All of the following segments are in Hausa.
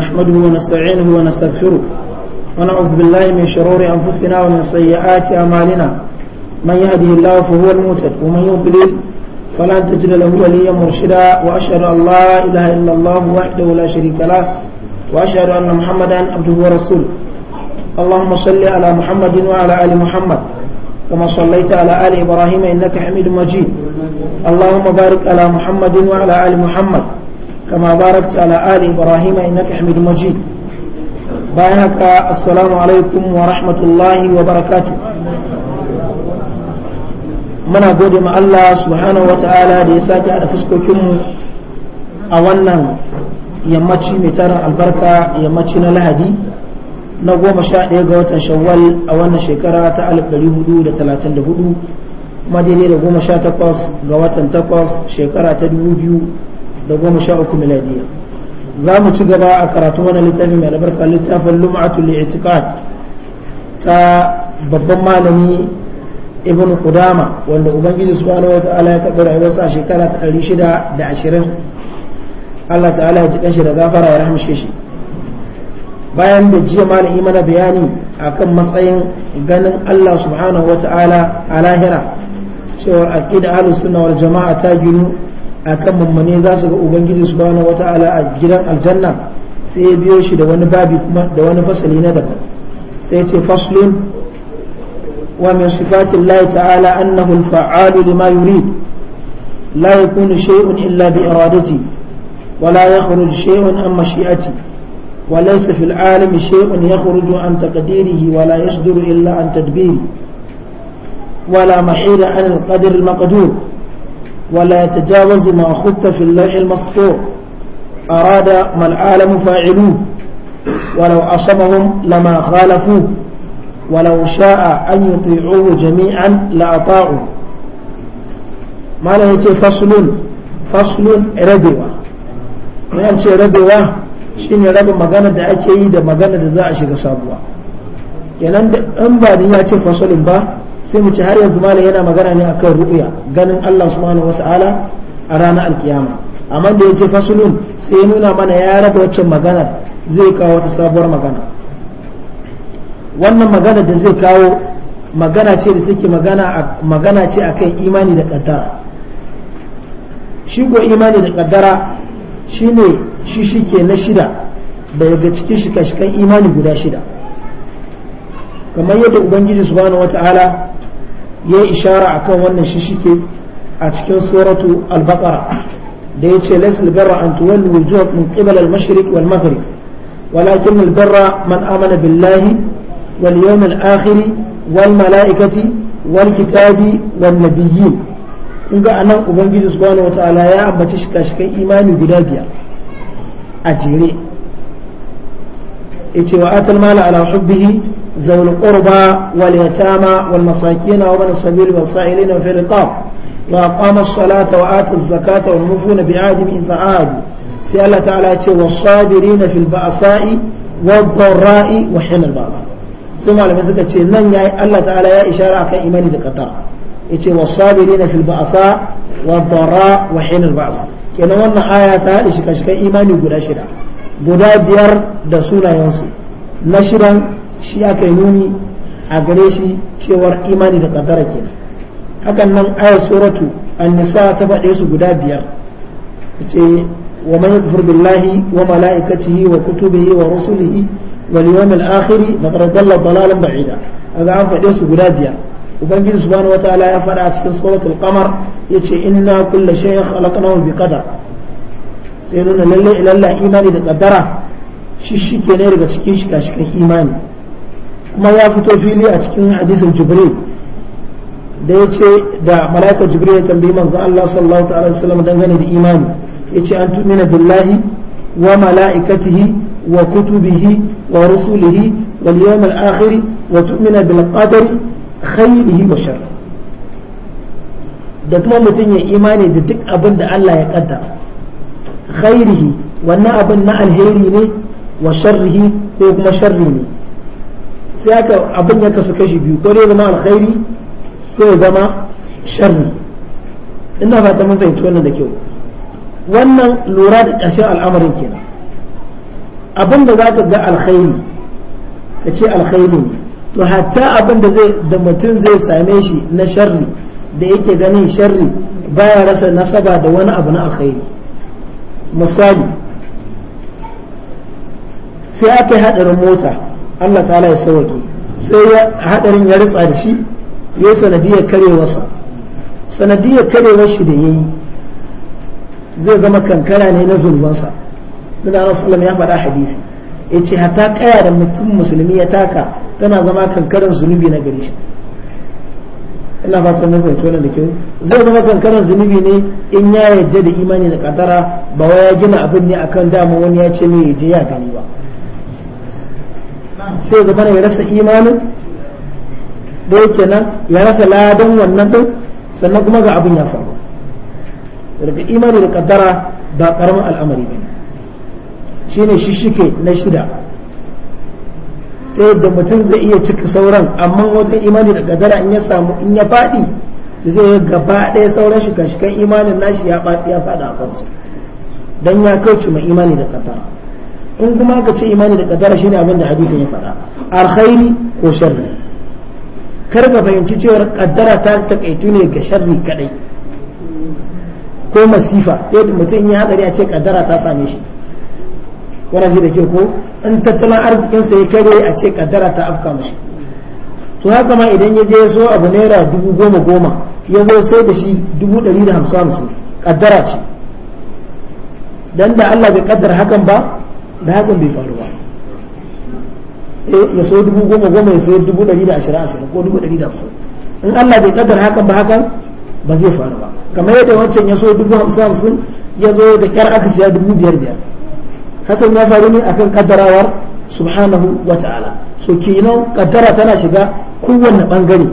نحمده ونستعينه ونستغفره ونعوذ بالله من شرور أنفسنا ومن سيئات أمالنا من يهده الله فهو المهتد ومن يضلل فلا تجد له وليا مرشدا وأشهد أن لا إله إلا الله وحده لا شريك له وأشهد أن محمدا عبده ورسوله اللهم صل على محمد وعلى آل محمد كما صليت على آل إبراهيم إنك حميد مجيد اللهم بارك على محمد وعلى آل محمد كما باركت على آل إبراهيم إنك حميد مجيد بارك السلام عليكم ورحمة الله وبركاته muna gode ma Allah subhanahu wa ta'ala da ya sake da fuskokinmu a wannan yammaci mai tarin albarka yammaci na lahadi na goma sha ɗaya ga watan shawwal a wannan shekara ta alif ɗari hudu da talatin da hudu kuma da goma sha takwas ga watan takwas shekara ta dubu biyu da goma sha uku miladiya za mu ci gaba a karatu wani littafi mai albarka littafin lum'atu li'itiqad ta babban malami ibn qudama wanda ubangiji subhanahu wa ta'ala ya karɓi rayuwarsa a shekara ta ɗari shida da ashirin Allah ta'ala ya ji shi da gafara ya rahmshe shi bayan da jiya malami mana bayani akan matsayin ganin Allah subhanahu wa ta'ala a lahira cewa aqida ahlus sunna jama'a ta ginu akan mummane za su ga ubangiji subhanahu ta'ala a gidan aljanna sai ya biyo shi da wani babi kuma da wani fasali na daban sai ya ce faslun wa min sifati Allah ta'ala annahu al-fa'alu lima yurid la yakunu shay'un illa bi iradati wa la yakhruj shay'un an mashi'ati wa laysa fil alami shay'un yakhruju an taqdirihi wa la yasduru illa an tadbiri ولا محيل عن القدر المقدور ولا يتجاوز ما خط في اللوح المسطور أراد ما العالم فاعلوه ولو عصمهم لما خالفوه ولو شاء أن يطيعوه جميعا لأطاعوا ما لا يتي فصل فصل ربوة ما يمشي ربوة shine rabin magana da ake yi da magana da za a shiga sabuwa kenan in ba ya ce fasalin ba sai mu ci har yanzu malam yana magana ne akan ru'ya ganin Allah subhanahu wataala a ranar alkiyama amma da yake fasulun sai ya nuna mana ya raba waccan magana zai kawo wata sabuwar magana wannan magana da zai kawo magana ce da take magana magana ce akan imani da kaddara shi ko imani da kaddara shine shi shike na shida daga cikin shika-shikan imani guda shida kamar yadda ubangiji subhanahu wata'ala ya ishara akan wannan shishike a cikin suratu al-baqara da ya ce laysa al-birra an tuwallu wujuhakum min qibala al-mashriq wal maghrib walakin al-birra man amana billahi wal yawmil akhir wal malaikati wal kitabi wan nabiyyin in ga anan ubangiji subhanahu wata'ala ya ambaci shika-shikan imani guda biyar a jere yace wa atal mala ala hubbihi ذوي القربى واليتامى والمساكين وابن السبيل والسائلين وفي الرقاب وأقام الصلاة وآتى الزكاة والموفون بعهدهم إذا عادوا سي الله تعالى والصابرين في البأساء والضراء وحين البأس ثم على مسكة نن يا الله تعالى يا إشارة كإيمان بقطر يتي والصابرين في البأساء والضراء وحين البأس kenan wannan aya ta haɗe shika-shikan imani guda shida guda biyar da sunayensu na shidan shi aka nuni a gare shi cewar imani da kaddara ke hakan nan aya suratu annisa ta faɗe su guda biyar ce wa man yakfur billahi wa malaikatihi wa kutubihi wa rusulihi wal yawmil akhir faqad dalla dalalan ba'ida an faɗe su guda biyar ubangiji subhanahu wataala ya faɗa a cikin suratul qamar yace inna kulla shay'in khalaqnahu bi qadar sai nuna lalle ilalla imani da kaddara shi shike ne daga cikin shiga shikan imani kuma ya fito fili a cikin hadisin jibril da ya ce da mala'ikar jibril ya tambayi manzon Allah sallallahu ta'ala wasallam dangane da imani ce an tu'mina billahi wa mala'ikatihi wa kutubihi wa rusulihi wal yawmil akhir wa tu'mina bil qadari khayrihi wa sharrihi da kuma mutum ya imani da duk abin da Allah ya kadda, khairihi wannan abin na alheri ne wa sharrihi ko kuma sharri ne sai aka abin ya kasu kashi biyu ko dai zama alkhairi ko ya zama sharri ina fata mun fahimci wannan da kyau wannan lura da ƙarshen al'amarin kenan abin da za ka ga alkhairi ka ce alkhairi ne to hatta abin da zai da mutum zai same shi na sharri da yake ganin sharri baya rasa nasaba da wani abu na alkhairi misali sai aka yi hadarin mota Allah ta'ala ya sauke sai ya hadarin ya ritsa da shi ya yi sanadiyar karewarsa sanadiya karewar shi da ya yi zai zama kankara ne na zunubansa dan Allah sallam ya faɗa hadisi ya ce hatta kaya da mutum musulmi ya taka tana zama kankaran zunubi na gare shi ina fatan ta fahimci wannan da kyau zai zama kankaran zunubi ne in ya yarda da imani da kadara ba wai ya gina abin ne akan dama wani ya ce mai je ya gani ba sai zama ya rasa imanin da yake nan ya rasa ladan wannan din sannan kuma ga abin ya faru daga imani da kaddara ba karamin al'amari ba shine shishike na shida ta yadda mutum zai iya cika sauran amma wajen imani da kaddara in ya samu in ya faɗi zai yi gaba ɗaya sauran shiga shikan imanin nashi ya faɗi a kansu don ya kauce ma imani da kaddara in kuma ka ce imani da kaddara shine abin da hadisin ya faɗa alkhairi ko sharri kar ka fahimci cewar kadara ta takaitu ne ga sharri kadai ko masifa sai mutum ya hadari a ce kadara ta same shi wannan shi da ke ko in tattalin arzikin sa ya kare a ce kaddara ta afka mashi to haka ma idan ya je so abu naira dubu goma goma ya zo sai da shi dubu ɗari da hamsin hamsin ce dan da Allah bai kaddara hakan ba da hakan bai faru ba eh, ya so dubu goma goma ya so dubu ɗari da ashirin ashirin ko dubu ɗari da hamsin in Allah bai kaddara hakan ba hakan ba zai faru ba kamar yadda wancan ya so dubu hamsin hamsin ya zo da ƙyar aka siya dubu biyar biyar hakan ya faru ne akan kaddarawar subhanahu wa ta'ala so kenan kaddara tana shiga kowanne bangare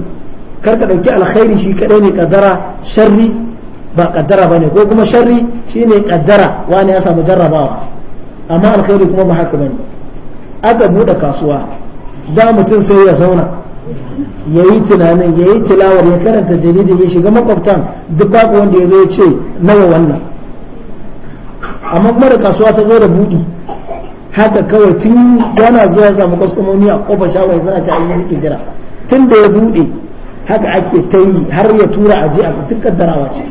kar ka ɗauki alkhairi shi kaɗai ne kaddara sharri ba kaddara ba ne ko kuma sharri shine kaddara wani ya samu jarrabawa amma alkhairi kuma ba haka bane aka bude kasuwa da mutum sai ya zauna ya yi tunanin ya yi tilawar ya karanta jaridar ya shiga makwabtan duk babu wanda ya zo ya ce nawa wannan amma kuma da kasuwa ta zo da buɗi haka kawai tun yana zuwa ya samu kwastomomi a kofar shawar ya ta yi suke jira tun da ya bude haka ake ta yi har ya tura a je a duk kaddarawa ce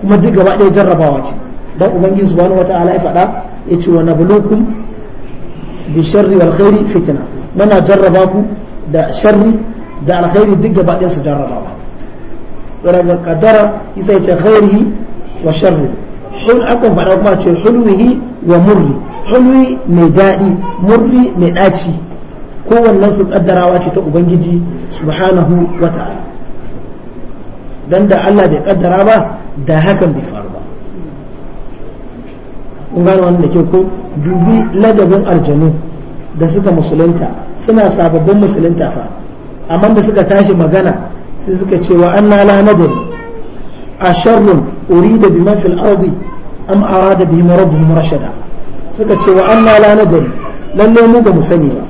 kuma duk gaba ɗaya jarrabawa ce don ubangiji subhanahu wataala ya faɗa yace wa nabluukum bi sharri wal khairi fitna muna jarraba ku da sharri da alkhairi duk gaba ɗayan su jarraba ba daga kaddara isa yace khairihi wa sharri hul akan faɗa kuma ce hulwihi wa murri hulwi mai daɗi murri mai ɗaci kowannen su kaddarawa ce ta ubangiji subhanahu wa ta'ala dan da Allah bai kaddara ba da hakan bai faru ba kun gane wannan ke ko dubi ladabin aljanu da suka musulunta suna sababbin musulunta fa amma da suka tashi magana sai suka ce wa anna la nadri asharrun urida bima fil ardi am arada bihim rabbuhum rashada suka ce wa anna la nadri lalle mu ba mu sani ba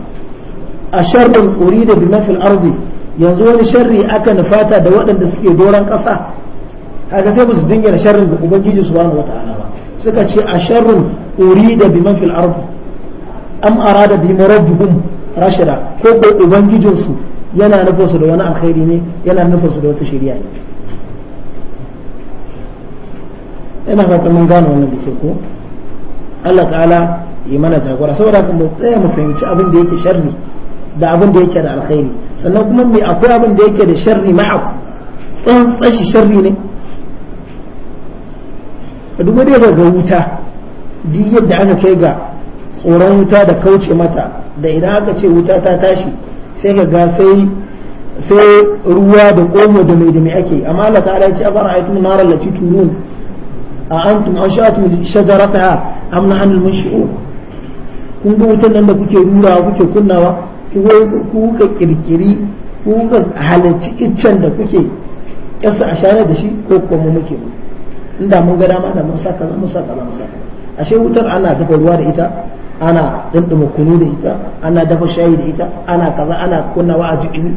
asharrun urida bima fil ardi yanzu wani sharri aka nufata da waɗanda suke doron ƙasa kaga sai ba su dingina sharrin da ubangiji subhanahu wataala suka ce a sharrun urida bi man fil ardi am arada bi rabbuhum rashida ko ko ubangijinsu yana nufin su da wani alkhairi ne yana nufin su da wata shari'a ne ina fatan mun gano wannan da ke ko Allah ta'ala yi mana jagora saboda kuma tsaya mu fahimci abin da yake sharri da abin da yake da alkhairi sannan kuma me akwai abin da yake da sharri ma'a tsantsashi sharri ne duk wanda ya ga wuta duk yadda aka kai ga tsoron wuta da kauce mata da idan aka ce wuta ta tashi sai ka ga sai ruwa da komo da mai da mai ake amma Allah ta a fara aitum nara lati turun a antum anshatum shajarataha am nahnu mun munshiun kun ga wutan nan da kuke rurawa kuke kunnawa ku kuka kirkiri ku kuka halarci iccen da kuke kyasa a share da shi ko kuma muke inda mun ga dama da mun sa kaza mun sa kaza mun sa ashe wutar ana dafa ruwa da ita ana dindima kunu da ita ana dafa shayi da ita ana kaza ana kunnawa a jikin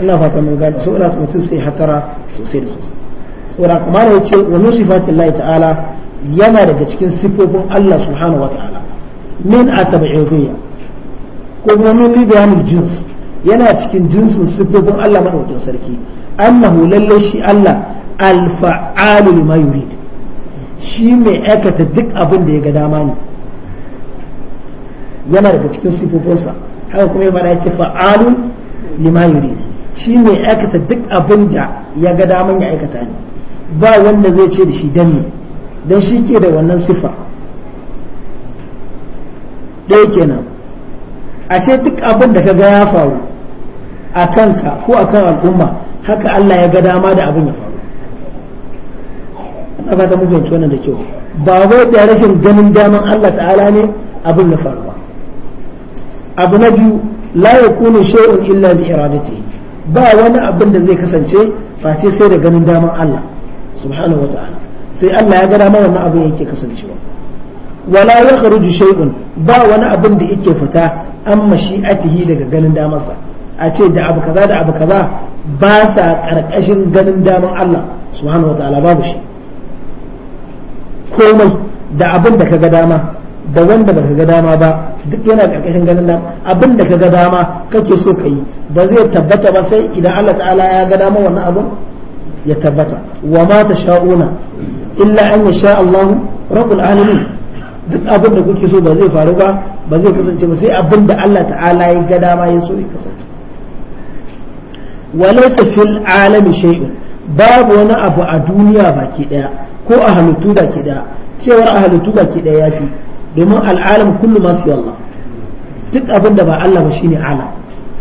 ina fata mun gane so ina mutum sai hatara sosai da sosai saboda kamar ya ce wa min sifatin Allah ta'ala yana daga cikin sifofin Allah subhanahu wa ta'ala min atabi'iyya ko kuma min bayanin jins yana cikin jinsin sifofin Allah madaukakin sarki annahu lalle shi Allah alfa'alul yurid shi mai aikata duk abin da ya ga dama ne yana daga cikin sifofinsa haka kuma ya fara yake fa'alul lima yurid shi mai aikata duk abin da ya ga daman ya aikata ne ba wanda zai ce da shi dan ne dan shi ke da wannan sifa ɗaya kenan ashe duk abin da ka ga ya faru a kanka ko akan al'umma haka Allah ya ga dama da abin ya faru a fata mu fahimci wannan da kyau ba wai da rashin ganin daman Allah ta'ala ne abin na faruwa abu na biyu la yakunu shay'un illa bi iradatihi ba wani abin da zai kasance face sai da ganin daman Allah subhanahu wata'ala sai Allah ya ga dama wannan abin yake kasancewa wala ya yakhruju shay'un ba wani abin da yake fita an mashi'atihi daga ganin damansa a ce da abu kaza da abu kaza ba sa karkashin ganin daman Allah subhanahu wata'ala babu shi komai da abin da kaga dama da wanda baka ga dama ba duk yana ƙarƙashin ganin nan abin da kaga dama kake so ka yi ba zai tabbata ba sai idan Allah ta'ala ya ga dama wannan abin ya tabbata wa ma sha'una illa an yasha Allah rabbul alamin duk abin da kuke so ba zai faru ba ba zai kasance ba sai abin da Allah ta'ala ya ga dama ya so ya kasance wa laysa fil alami shay'un babu wani abu a duniya baki daya ko a halittu baki daya cewar a halittu baki daya yafi domin al'alam kullum ma siya Allah duk abin da ba Allah ba shine alam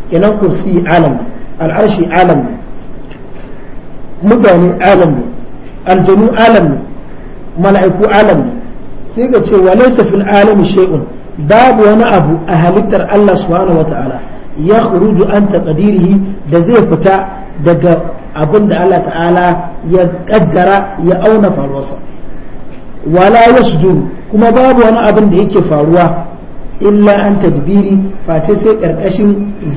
kenan kursi alam al'arshi alam ne mutane alam ne aljanu alam ne mala'iku alam ne sai ga ce wa laysa fil alami shay'un babu wani abu a halittar Allah subhanahu wata'ala ya khuruju an taqdirihi da zai fita daga abin da Allah ta'ala ya kaddara ya auna faruwarsa wala yasdur kuma babu wani abin da yake faruwa illa an tadbiri face sai karkashin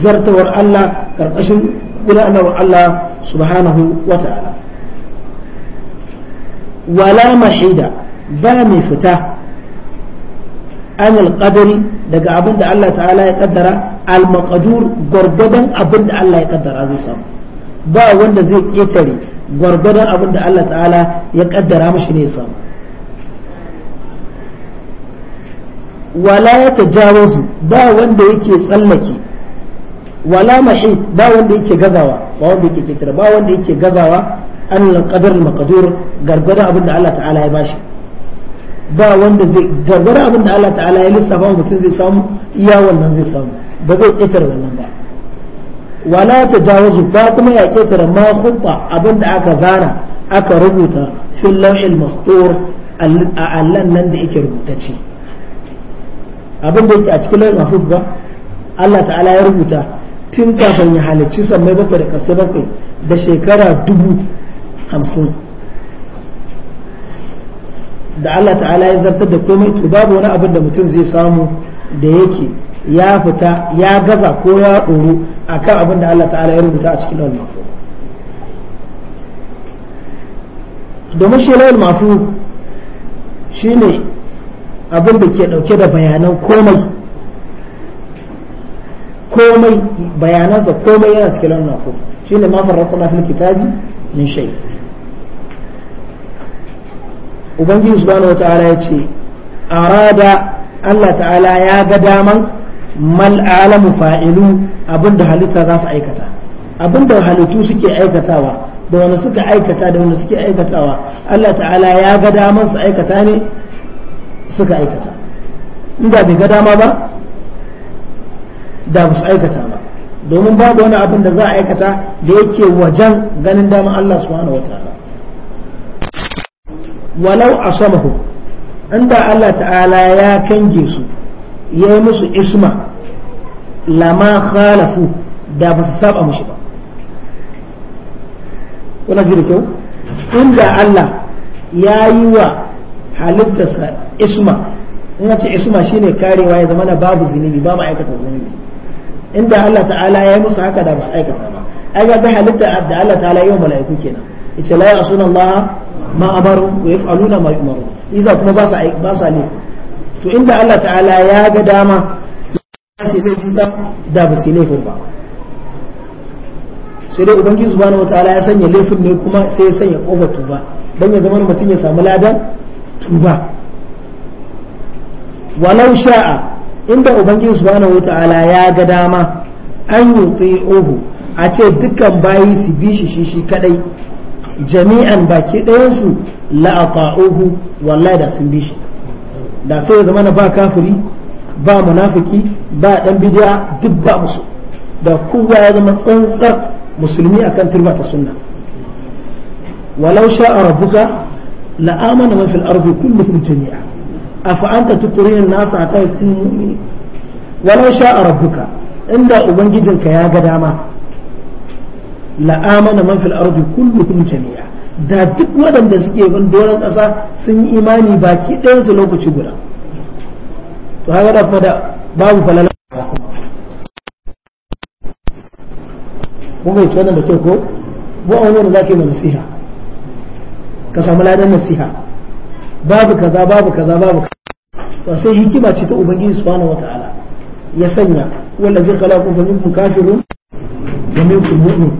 zartawar Allah karkashin gudanar Allah subhanahu wa ta'ala wala mahida ba mai fita an alƙadari daga abin da Allah ta'ala ya kaddara al-maqdur gwargwadon abin da Allah ya kaddara zai samu ba wanda zai ƙetare gwargwadon abin da Allah ta'ala ya ƙaddara mashi ne samu wala ya tajawazu ba wanda yake tsallake wala mahid ba wanda yake gazawa ba wanda yake ƙetare ba wanda yake gazawa an lalƙadar makadur al gwargwadon abin da Allah ta'ala ya bashi ba wanda zai gargwadon abin da Allah ta'ala ya lissafa mutum zai samu iya wannan zai samu ba zai ƙetare wannan ba wala ta jawazu ba kuma ya ketare ma hubba abinda aka zana aka rubuta fil lawhil mastur a allan nan da yake rubutacce abin da yake a cikin lawhil mahfuz ba Allah ta'ala ya rubuta tun kafin ya halicci sammai bakwai da kasai bakwai da shekara dubu hamsin da Allah ta'ala ya zartar da komai to babu wani abin da mutum zai samu da yake ya fita ya gaza ko ya ɗoro a kan abin da Allah ta'ala ya rubuta a cikin lawal mafu domin shi lawal mafu shi ne abin da ke ɗauke da bayanan komai komai bayanansa komai yana cikin lawal mafu shi ne mafar rakuna fil kitabi min shai ubangiji subhanahu wa ta'ala ya ce arada Allah ta'ala ya ga daman mal alamu fa'ilu abinda halitta za su aikata abinda halittu suke aikatawa da wani suka aikata da wani suke aikatawa Allah ta'ala ya ga damar su aikata ne suka aikata inda bai ga dama ba da ba su aikata ba domin babu wani abin da za a aikata da yake wajen ganin dama Allah subhanahu wataala walau a asamahu inda Allah ta'ala ya kange su ya yi musu isma lama khalafu da ba su saba mushi ba kuna ji da kyau inda Allah ya yi wa halittarsa isma in ce isma shine karewa ya zama na babu zunubi ba aikata zunubi inda Allah ta'ala ya yi musu haka da ba su aikata ba ai ga halitta da Allah ta'ala yi wa mala'iku kenan ita la asuna Allah ma amaru wa yaf'aluna ma yu'maru iza kuma ba sa ba sa ne to inda Allah ta'ala ya ga dama ya ba da ba su laifin ba sai dai ubangiji subhanahu Ta'ala ya sanya laifin ne kuma sai ya sanya kofar tuba dan ya zama mutum ya samu ladan tuba walau sha'a inda ubangiji subhanahu Ta'ala ya ga dama an yuti ohu a ce dukkan bayi su bi shi shi shi kadai jami'an baki ɗayansu la'ata'uhu wallahi da sun bi shi da sai ya zamana ba kafiri ba munafiki ba dan bid'a duk ba musu da kowa ya zama tsantsar musulmi akan turba ta sunna walau sha'a rabbuka la'amana man fil kullum kulluhum jami'a afa anta tukrinu an-nasa hatta yakunu mu'minin walau sha'a rabbuka inda ubangijinka ya ga dama la'amana man fil kullum kulluhum jami'a da duk waɗanda suke bin doron ƙasa sun yi imani baki ɗayansu lokaci guda to haka da fada babu falala kuma yake wannan da kyau ko mu a wani zaka yi ma nasiha ka samu ladan nasiha babu kaza babu kaza babu kaza to sai hikima ce ta ubangiji subhanahu wataala ya sanya wallazi khalaqakum fa minkum kafirun wa minkum mu'min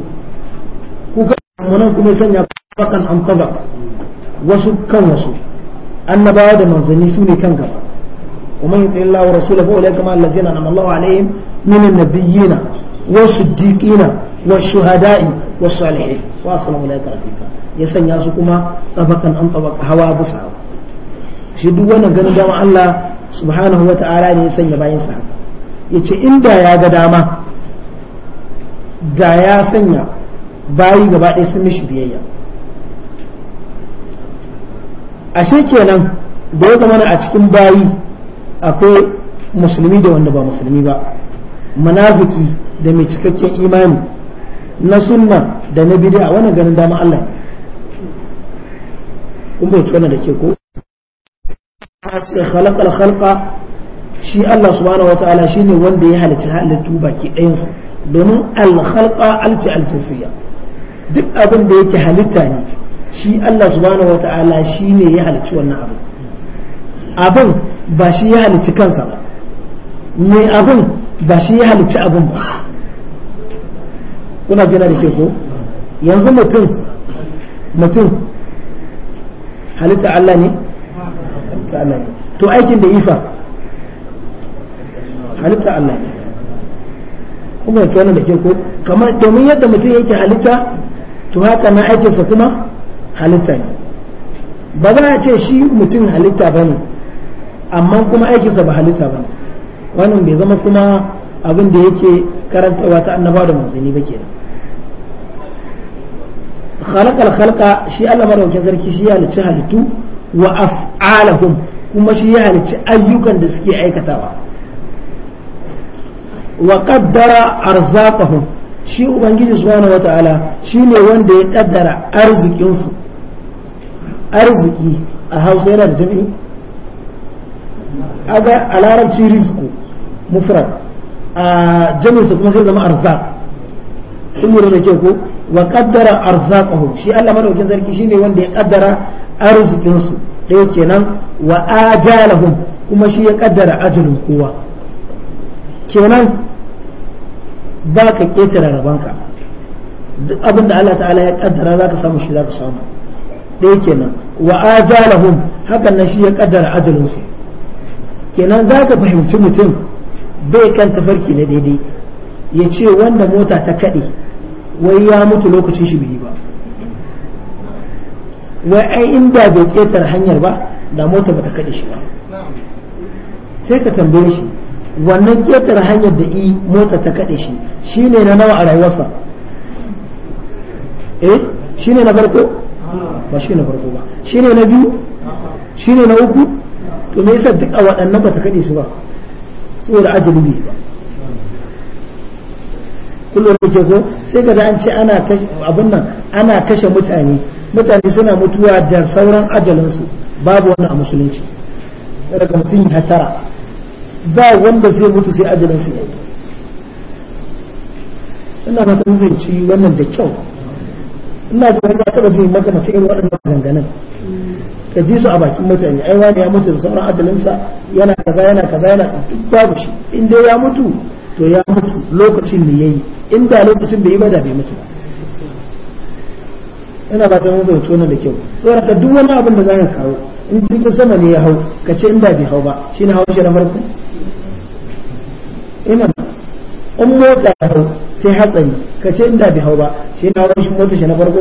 ku ka mun kuma sanya fakan an tabaka wasu kan wasu annabawa da manzanni su ne kan gaba ومن يطع الله ورسوله فاولئك مع الذين انعم الله عليهم من النبيين والصديقين والشهداء والصالحين واصلوا اولئك رفيقا يسن ياسو طبقا ان طبق هوا بسا shi duk wannan ganin dama Allah subhanahu wa ta'ala ne ya sanya bayan haka yace inda ya ga dama da ya sanya bayi gaba ɗaya sun mishi biyayya ashe kenan da ya zama a cikin bayi akwai musulmi da wanda ba musulmi ba munafiki da mai cikakken imani na sunna da na bid'a wannan ganin dama Allah kun bai tona da ke ko a ce khalaqal khalqa shi Allah subhanahu wataala shine wanda ya halicci halittu baki ɗayan su domin al khalqa al duk abin da yake halitta ne shi Allah subhanahu ta'ala shi ne ya halicci wannan abu abin ba shi ya halicci kansa ba mai abin ba shi ya halicci abin ba kuna jina da ke ko yanzu mutum mutum halitta Allah ne halitta Allah ne to aikin da ifa halitta Allah ne kuma ya wannan da ke ko kamar domin yadda mutum yake halitta to haka na aikinsa kuma halitta ne ba za a ce shi mutum halitta ba ne amma kuma aikinsa ba halitta ba ne wannan bai zama kuma abin da yake karantawa ta annaba da manzanni ba kenan khalaqal khalqa shi Allah madaukakin sarki shi ya halicci halittu wa af'alahum kuma shi ya halicci ayyukan da suke aikatawa wa qaddara arzaqahum shi ubangiji subhanahu wataala ne wanda ya kaddara arzikinsu. su arziki a hausa yana da jami'i aga a larabci rizku mufrad a jami'insa kuma sai zama arzak sun lura da ke ko wa kaddara arzaqahum shi Allah madaukin sarki shine wanda ya kaddara arzikin su dai kenan wa ajalahum kuma shi ya kaddara ajalin kowa kenan ba ka ketare rabanka duk abin da Allah ta'ala ya kaddara zaka samu shi zaka samu ɗaya kenan wa ajalahum hakan nan shi ya kaddara ajalinsu kenan za ka fahimci mutum bai kan tafarki na daidai ya ce wanda mota ta kaɗe wai ya mutu lokacin shi bai ba wai ai inda bai ƙetare hanyar ba da mota bata kaɗe shi ba sai ka tambaye shi wannan ƙetare hanyar da i mota ta kaɗe shi shine na nawa a rayuwarsa eh shine na farko ba shi na farko ba shi ne na biyu shi ne na uku to me yasa duk a waɗannan ba ta kaɗe su ba saboda ajali ne ba kullum da ke ko sai ka an ce ana abin nan ana kashe mutane mutane suna mutuwa da sauran ajalinsu babu wannan a musulunci daga mutum ya tara ba wanda zai mutu sai ajalinsu ya yi ina fatan ci wannan da kyau ina da wani taba jin maka mace irin waɗannan maganganun ka ji su a bakin mutane ai wani ya mutu da sauran adalinsa yana kaza yana kaza yana duk babu shi in dai ya mutu to ya mutu lokacin ne yayi in da lokacin bai yi ba da bai mutu ba ina ba ta mun bai tona da kyau saboda ka duk wani abin da zaka kawo in jirgin sama ne ya hau ka ce in da bai hau ba shine hau shi na farko ina in mota hau sai hatsari ka ce inda bai hau ba shi na wani shi mota shi na farko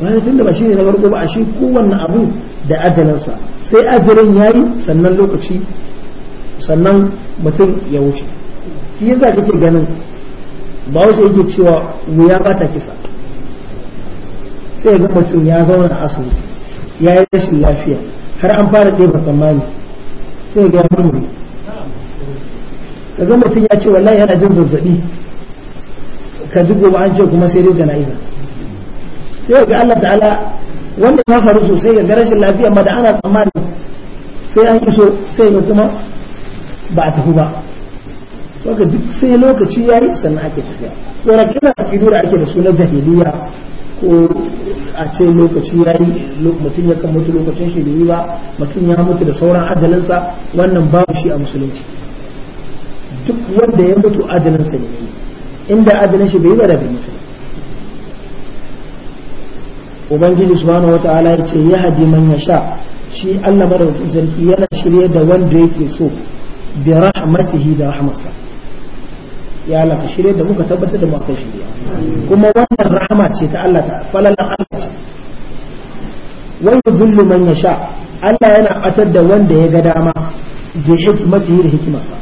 wani tun da ba shi ne na farko ba a shi kowanne abu da ajalansa sai ajalin ya yi sannan lokaci sannan mutum ya wuce shi yasa kake ganin ba wasu yake cewa wuya ba ta kisa sai ga mutum ya zauna a asibiti ya yi rashin lafiya har an fara ɗaya tsammani sai ga murmuri ka mutum ya ce wallahi yana jin zazzabi ka ji gobe an ce kuma sai dai jana'iza sai ga Allah ta'ala wanda ya faru sosai ga rashin lafiya ma da ana tsammani sai an iso sai ga kuma ba a tafi ba kaga duk sai lokaci ya yi sannan ake tafiya kina a akidu da ake da su na jahiliya ko a ce lokaci ya yi mutum ya kan mutu lokacin shi da yi ba mutum ya mutu da sauran ajalinsa wannan babu shi a musulunci duk wanda ya mutu ajalin sa ne inda ajalin shi bai bada bai mutu ubangiji subhanahu wataala ya ce ya hadi man yasha shi Allah madaukakin sarki yana shirye da wanda yake so bi rahmatihi da rahmatsa ya Allah ka shirye da muka tabbatar da muka shirye kuma wannan rahama ce ta Allah ta falalan Allah ce wa yudhillu man yasha Allah yana atar da wanda ya ga dama bi hikmatihi da hikimarsa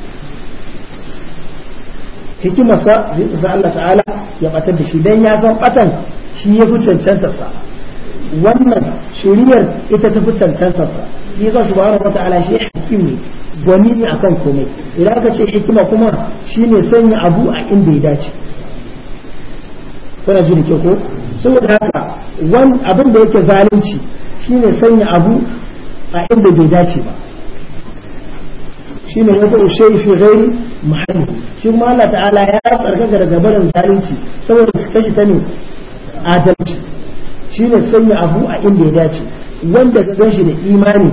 hikimarsa zai isa Allah ta'ala ya batar da shi dan ya san batan shi ya fi cancantarsa wannan shiriyar ita ta fi cancantarsa shi yasa subhanahu Ta'ala shi hakim ne gwani ne akan komai idan aka ce hikima kuma shine sanya abu a inda ya dace kuna ji da ko saboda haka abin da yake zalunci shine sanya abu a inda bai dace ba shine wata ushayi fi ghairi muhalli shi kuma Allah ta'ala ya tsarkaka daga barin zalunci saboda kashi ta ne adalci shine sanya abu a inda ya dace wanda ka gan shi da imani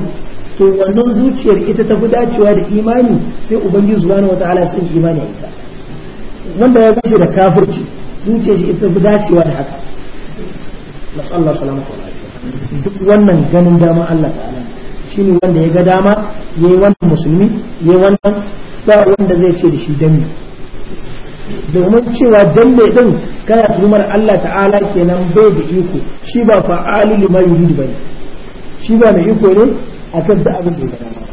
to wannan zuciyar ita ta fi dacewa da imani sai ubangiji subhanahu wataala sun imani ita wanda ya gashi da kafirci zuciyar shi ita fi dacewa da haka nasallahu salamatu wa duk wannan ganin dama Allah ta'ala shine wanda ya ga dama yayi wannan musulmi yayi wannan ba wanda zai ce da shi dami domin cewa dalle din kana tuhumar Allah ta'ala kenan bai da iko shi ba fa'ali ma yuridu bane shi ba mai iko ne akan da abin da ya dama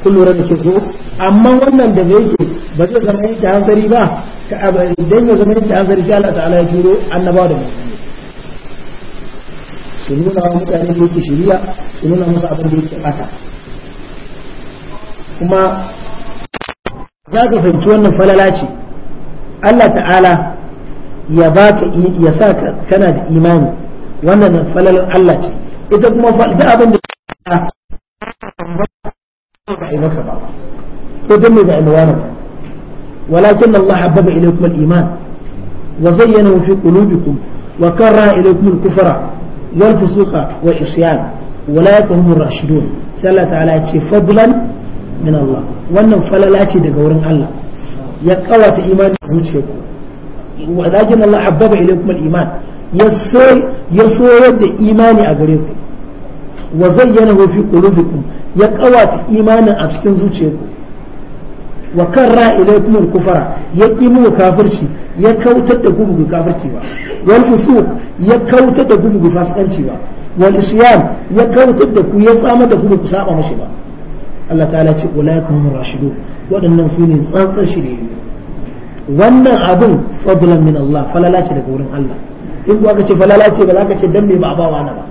kun da ke ko amma wannan da zai ke ba zai zama yake hanzari ba dan ya zama yake hanzari sai Allah ta'ala ya turo annabawa da mutane su nuna wa mutane da yake shari'a su nuna musu abin da yake bata kuma za ka fahimci wannan falala ce Allah ta'ala ya ba ka ya sa ka kana da imani wannan falalar Allah ce ita kuma da abin da ba a maka ba ko dan me ba a mawana ba walakin Allah habbaba ilaykum al-iman wa zayyanahu fi qulubikum wa karra ilaykum al-kufra wal suka wa isyan wala yakunu rashidun sai Allah ta'ala ya ce fadlan min Allah wannan falala ce daga wurin Allah ya kawata imani zuciyarku walakin Allah habbaba ilaykum al-iman ya soyar da imani a gare ku wa fi ya kawata imanin a cikin zuciyarku wa karra ilaykum al-kufra yaki mu kafirci ya kautar da ku mu kafirci ba wal fusuq ya kautar da ku mu fasikanci ba wal isyan ya kautar da ku ya tsama da ku ku saba mashi ba Allah ta'ala ce ulaikum hum rashidun waɗannan su ne tsantsan shiriyu wannan abun fadlan min Allah falala ce daga wurin Allah in kuwa ka ce falala ce ba za ka ce dan me ba a ba wa ba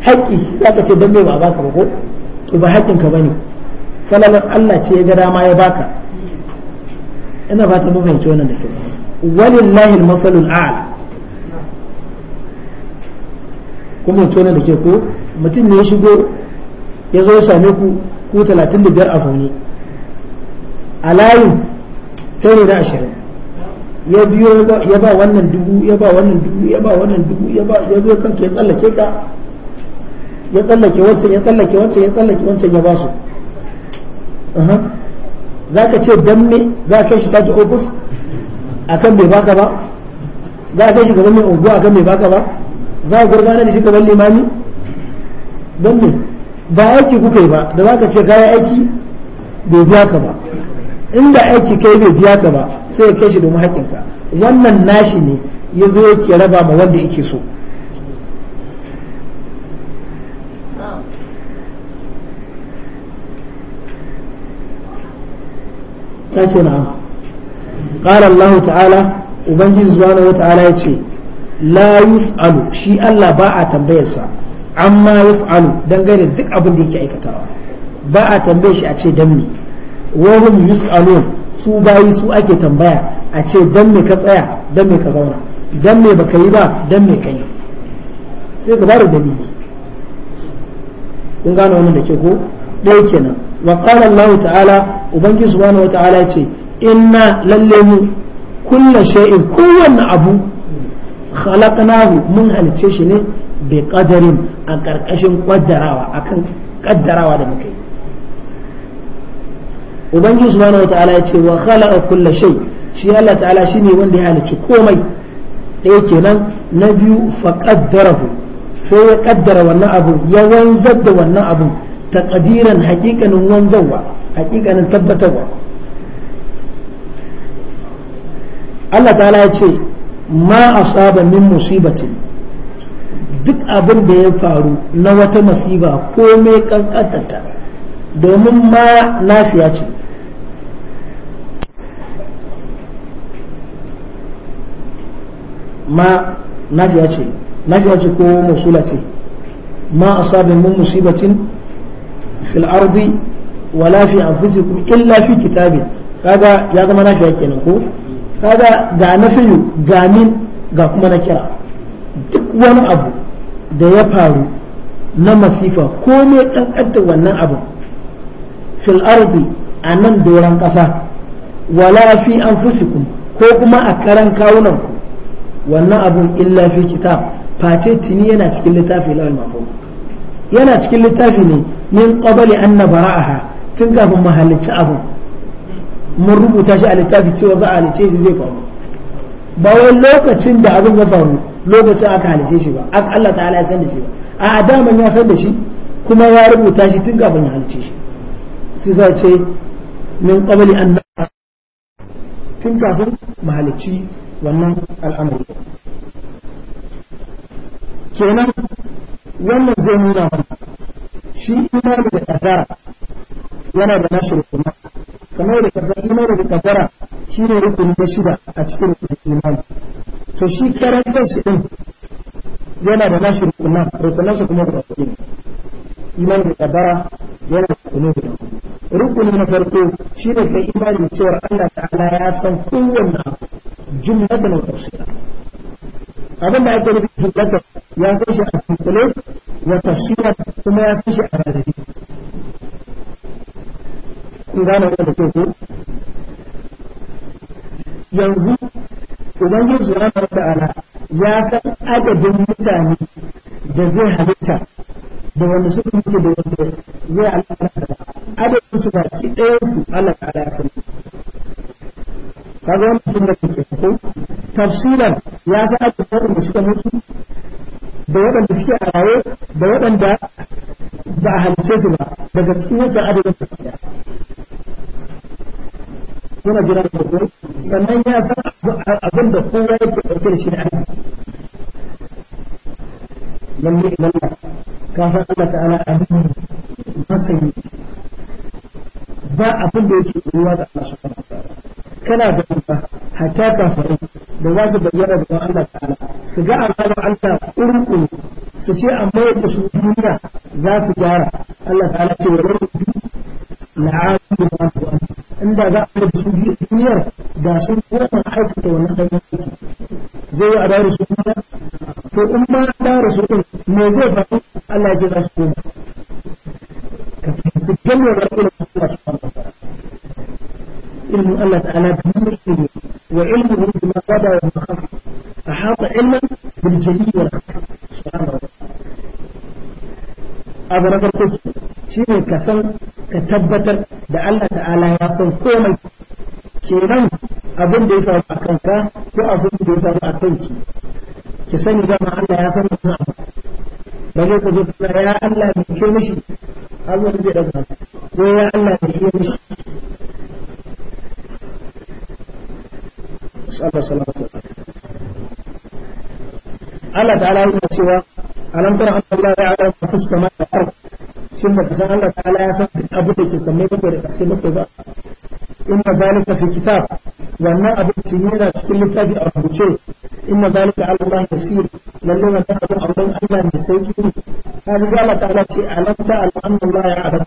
haƙƙi za ka ce dan me ba a baka ba ko to ba haƙƙinka bane falalar Allah ce ya ga dama ya baka ina ba ta mafi wannan da kyau walillahi masalul a'la kuma mutum wannan da ke ko mutum ne ya shigo ya zo ya same ku ku talatin da biyar a zaune a layin kai da ashirin ya biyo ya ba wannan dubu ya ba wannan dubu ya ba wannan dubu ya ba ya zo kanka ya tsallake ka ya tsallake wancan ya tsallake wancan ya tsallake wancan ya ba su za ka ce don me za ka shi taji ofis a kan bai baka ba za ka shi gaban mai unguwa a kan bai baka ba za ka gurgana da shi gaban limami don me ba aiki kuka yi ba da za ka ce kayan aiki bai biya ka ba inda aiki kai bai biya ka ba sai ya kai shi domin haƙƙinka wannan nashi ne ya zo yake raba ma wanda yake so ce na'am qala Allah ta'ala ubangiji subhanahu wa ya ce la yus'alu shi Allah ba a tambayar sa amma yaf'alu dangane duk abin da yake aikatawa ba a tambaye shi a ce dan me wa hum yus'alun su bayi su ake tambaya a ce dan me ka tsaya dan me ka zauna dan me baka yi ba dan me kai sai ka da dalili kun gane wannan da ke ko dai kenan wa qala Allah ta'ala ubangiji subhanahu wata'ala ce inna lalle mu kullu shay'in kowanne abu khalaqnahu mun halice shi ne bai qadarin a karkashin qaddarawa akan qaddarawa da muke ubangiji subhanahu wata'ala ya ce wa khalaqa kullu shay shi Allah ta'ala shine wanda ya halice komai ɗaya kenan na biyu fa sai ya ƙaddara wannan abu ya wanzar da wannan abu takadiran haƙiƙanin wanzanwa haƙiƙanin tabbatarwa Allah ta ya ce ma asaba min musibatin duk abin da ya faru na wata masiba komai kankantarta domin ma lafiya ce ma nafiya ce ce ko ce ma fil ardi wala fi anfusikum illa fi kitabin kaga ya zama nafiya kenan ko kaga ga nafiyu ga min ga kuma na kira duk wani abu da ya faru na masifa ko ne kankanta wannan abu fil ardi a nan doron ƙasa wala fi anfusikum ko kuma a karan kawunan ku wannan abun illa fi kitab face tuni yana cikin littafi lawal mafhum yana cikin littafi ne min qabali an nabra'aha tun kafin mu halicci abu mun rubuta shi a littafi cewa za a halicce shi zai faru ba wai lokacin da abin ya faru lokacin aka halicce shi ba aka Allah ta'ala ya san da shi ba a daman ya san da shi kuma ya rubuta shi tun kafin ya halicce shi sai za ce min qabali an tun kafin mu halicci wannan al'amari kenan wannan zai nuna mana shi imani da kaddara yana da nashi rukuna kamar da kasa imani da kaddara shi ne rukuni na shida a cikin rukunin imani to shi karan kansu din yana da nashi rukuna rukunan su kuma guda kuɗi imani da kaddara yana da rukuni guda rukuni na farko shi ne kai imani cewa Allah ta'ala ya san kowanne jumla da tafsira abin da ake nufi hikmata ya san shi a tunkule wa tafsira kuma ya san shi a rarrabe kun gane wannan da ko yanzu ubangiji na wata'ala ya san adadin mutane da zai halitta da wanda suka mutu da wanda zai halitta adadin su baki ɗayan su ala ta'ala ya kaga wannan abin da kuke ko tafsiran ya sa aka fara da suka mutu da waɗanda suke a raye da waɗanda ba a halice su ba daga cikin wancan adadin da suke kuna jira da ko sannan ya sa abin da kowa yake ɗauke da shi na arziki lalle lalle ka san Allah ta'ala abin masani ba abin da yake ruwa da Allah subhanahu wa ta'ala kana da kuma hatta kafirai da za su bayyana da Allah ta'ala su ga azaba Allah urku su ce amma yadda su duniya za su gyara Allah ta'ala ce wa rabbi la'adu ma tu'an inda za a yi su duniyar da sun koma aikata wannan hanyar zai yi a dare su duniya to in ma dare su din me zai faru Allah ya ce za su koma ka fahimci kalmar المؤلف على جمهور السنين وعلمه بالمقابة والمخافة أحاط علما بالجلي والأخفة سبحان الله أبو رجل قلت شير الكسن كتبتا بألا تعالى يصن كوما كيرم أبن ديتا وعكنكا واظن ديتا وعكنكا كسن جمع الله يصن كوما بل يقول لك يا الله من كل شيء أبو رجل رجل ويا الله من كل شيء sallallahu alaihi Allah ta'ala yana cewa alam tara anna Allah ya ala ma fis samai wal ard shin ba san Allah ta'ala ya san abu da ke samai ba da sai ba ba inna zalika fi kitab wannan abu da yana cikin littafi a rubuce inna zalika ala ya yasir lalle wannan abu a wurin Allah ne sauki ne hali Allah ta'ala ce alam ta'ala anna Allah ya ala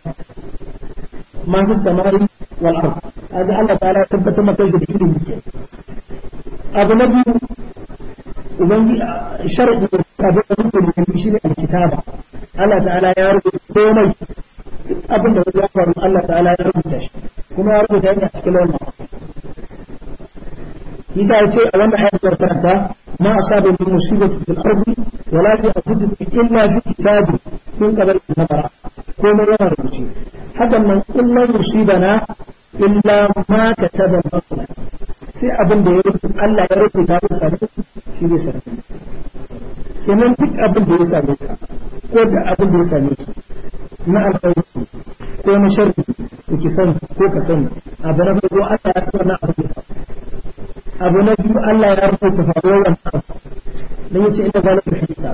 ma fis samai wal ard hada Allah ta'ala tabbatar maka da ilimi abu na biyu ubangi sharadi abin da muke nufi shine alkitaba Allah ta'ala ya rubuta komai duk abin da ya faru Allah ta'ala ya rubuta shi kuma ya rubuta yadda a cikin wannan Isa ya ce a wannan ayat karanta wala أصاب من مصيبة في الأرض ولا في أنفسكم إلا في كتاب من قبل أن نبرأ كما يرى حتى من إلا يصيبنا إلا ما كتب ربنا sai abin da ya rubuta Allah ya ta ya same shi ne same kenan duk abin da ya same ka ko da abin da ya same ka na alfahari ko na sharri da ki sani ko ka sani abu na farko Allah ya na abin abu abu na biyu Allah ya ta faruwar wannan abu dan yace inna zalika hakika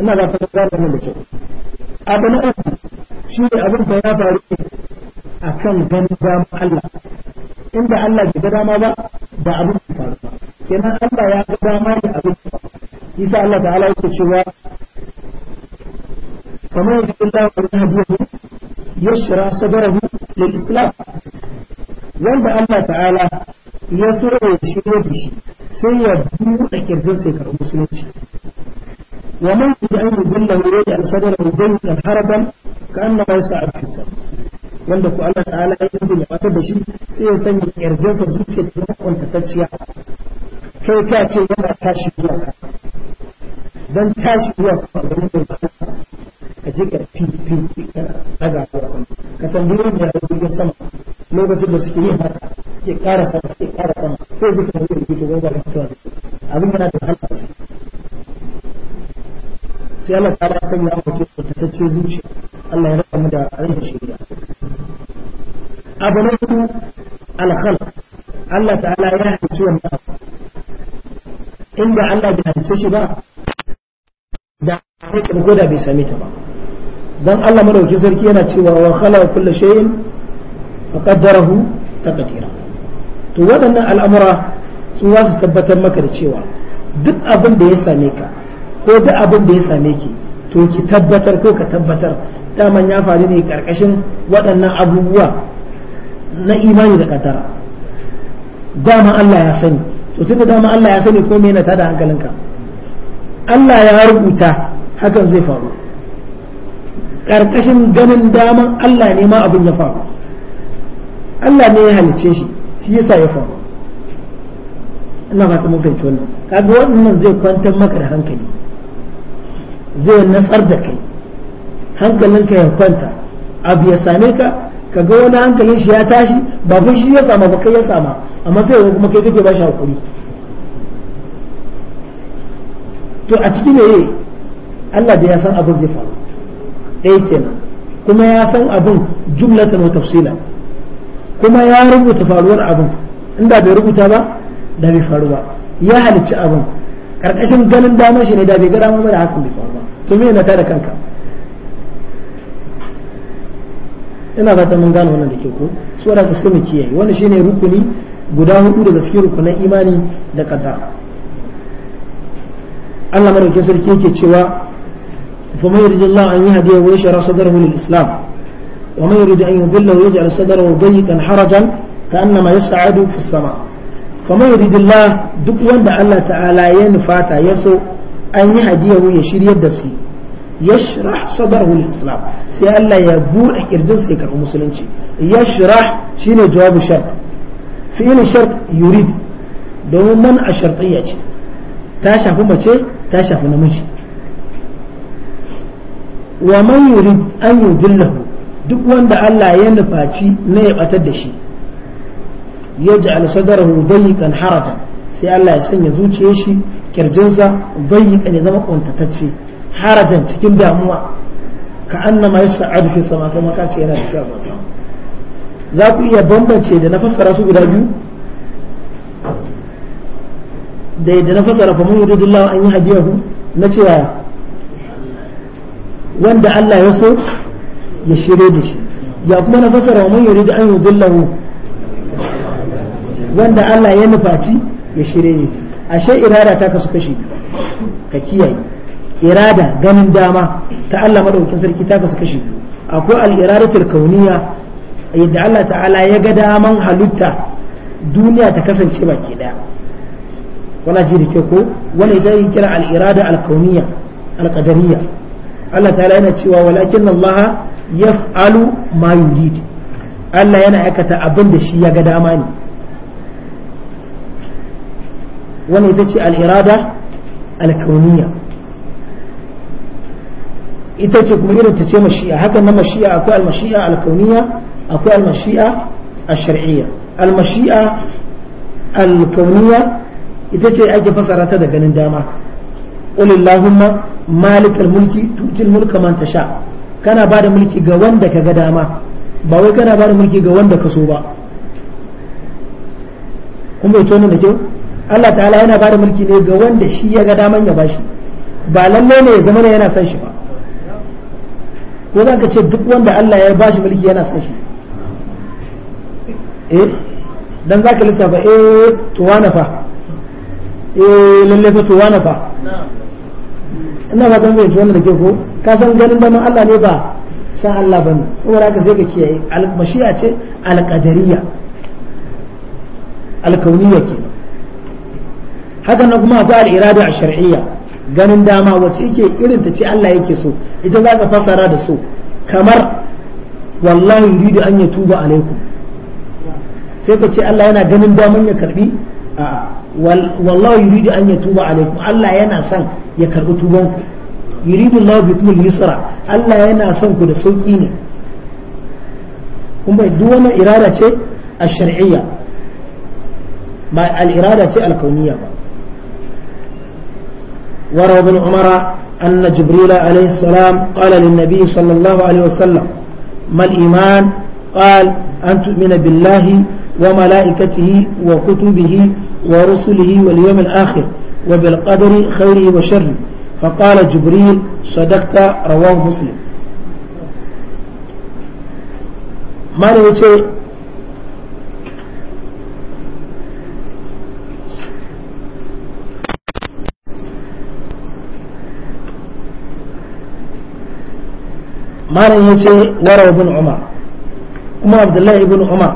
ina ba ta gane mun da kyau abu na uku shi ne abin da ya faru akan ganin mu Allah inda Allah bai ga dama ba da abin da faru kenan Allah ya ga dama da abin da isa Allah ta'ala yake cewa kamar yadda Allah ya hadiyahu yashra sadrahu lil islam wanda Allah ta'ala ya sura shi da shi sai ya buɗe kirjin sai karɓi musulunci ومن يدعي ذله ويجعل صدره ضيقا haraban كانما يسعد في السماء wanda ku Allah ta'ala ya yi ya batar da shi sai ya sanya yarjinsa zuciya ta kuntatacciya kai ta ce yana tashi zuwa sa dan tashi zuwa sa ba garin da ka ka ji ka fi fi daga zuwa wasan ka tambayi wanda ya yi rubuta sama lokacin da suke yi haka suke ƙara sama suke ƙara sama ko zai ka rubuta ga gaba da abin yana da halaka sai Allah ta da sanya mu ke kuntatacce zuciya Allah ya raba mu da rashin shirya abu na uku alkhal Allah ta'ala ya halice wannan inda Allah bai halice shi ba da ya kirgo da bai same ta ba dan Allah madauki sarki yana cewa wa khalaqa kulli shay'in fa qaddarahu taqdira to waɗannan al'amura su za su tabbatar maka da cewa duk abin da ya same ka ko duk abin da ya same ki to ki tabbatar ko ka tabbatar daman ya faru ne karkashin waɗannan abubuwa na imani da kaddara dama Allah ya sani to tunda dama Allah ya sani ko me yana tada hankalinka Allah ya rubuta hakan zai faru karkashin ganin daman Allah ne ma abin ya faru Allah ne ya halicce shi shi yasa ya faru ina ba ta mafi wannan kaga waɗannan zai kwantar maka da hankali zai nasar da kai hankalinka ya kwanta abu ya same ka ka ga wani hankalin shi ya tashi ba kun shi ya sama ba kai ya sama amma sai ga kuma kai kake ba shi hakuri to a cikin ne Allah da ya san abin zai faru ɗaya kenan kuma ya san abin jumlatan wa tafsila kuma ya rubuta faruwar abin inda bai rubuta ba da bai faru ba ya halicci abin karkashin ganin dama shi ne da bai ga dama ba da hakan bai faru ba to me na tada kanka ina fata mun gano wannan da ke ko su da sai mu kiyaye wannan shine rukuni guda hudu daga cikin rukunan imani da qadar Allah madaukakin sarki yake cewa fa man yuridillahu an yahdiya wa yashra sadrahu lil islam wa man yurid an yudhillahu yaj'al sadrahu dayyqan harajan ka'annama yas'adu fis sama' kamar yuridillah duk wanda Allah ta'ala ya nufata ya so an yi hadiyahu ya shiryar da su yashrah sadrahu lil-islam sai Allah ya buɗe kirjin sai karɓi musulunci yashrah shine jawabu shart fi'il shart yurid domin man a shartiyya ce ta shafi mace ta shafi namiji wa man yurid an yudillahu duk wanda Allah ya nufaci na ya ɓatar da shi yaj'al sadrahu dayyqan harajan sai Allah ya sanya zuciyar shi kirjinsa dayyqan ya zama kuntatacce harajan cikin damuwa ka annama yas'adu fi sama kuma ka ce yana cikin sama za ku iya bambance da na fassara su guda biyu da yadda na fassara fa mun yuridu Allah an yi hadiyahu na cewa wanda Allah ya so ya shirye da shi ya kuma na fassara wa man an wanda Allah ya nufaci ya shirye ne ashe irada ta kasu kashi ka kiyaye irada ganin dama ta Allah madaukakin sarki ta kasu kashi akwai al kauniya yadda Allah ta'ala ya ga daman halitta duniya ta kasance baki daya wala ji da ke ko wani zai kira alirada irada al-kauniya al Allah ta'ala yana cewa walakin Allah yaf'alu ma yurid Allah yana aikata abin da shi ya ga dama ne wani ita ce al’irada alkauniya ita ce kuma irin ta ce mashi'a hakan na mashi'a akwai almashi'a alkauniya akwai almashi'a a shari'iyya almashi'a alkauniya ita ce ake fasara ta da ganin dama ulillahumma malik almulki tutil mulka man sha kana bada mulki ga wanda ka ga dama ba wai kana bada mulki ga wanda ka so ba kuma ito ne da kyau Allah ta'ala yana bada mulki ne ga wanda shi ya ga daman ya bashi ba lalle ne ya zama ne yana son shi ba ko za ka ce duk wanda Allah ya bashi mulki yana son shi eh dan zaka lissafa eh to wane fa eh lalle fa to wane fa ina ba dan zai ji wanda da ke ko ka san ganin daman Allah ne ba san Allah bane saboda haka sai ka kiyaye al-mashi'a ce al-qadariyya al-kauniyya kenan haka nan kuma akwai al'irada a shar'iyya ganin dama wacce yake irin ta ce Allah yake so ita za ka fasara da so kamar wallahi yuridu an alaikum sai ka ce Allah yana ganin daman ya karbi wallahi yuridu an alaikum Allah yana son ya karbi tubanku yuridu Allah bikum al-yusra Allah yana son ku da sauki ne kuma duk wannan irada ce a shariyya ba al-irada ce al-kauniyya ba وروى ابن عمر أن جبريل عليه السلام قال للنبي صلى الله عليه وسلم ما الإيمان قال أن تؤمن بالله وملائكته وكتبه ورسله واليوم الآخر وبالقدر خيره وشره فقال جبريل صدقت رواه مسلم ما نوتي malam ya ce warawa bin umar kuma abdullahi ibn umar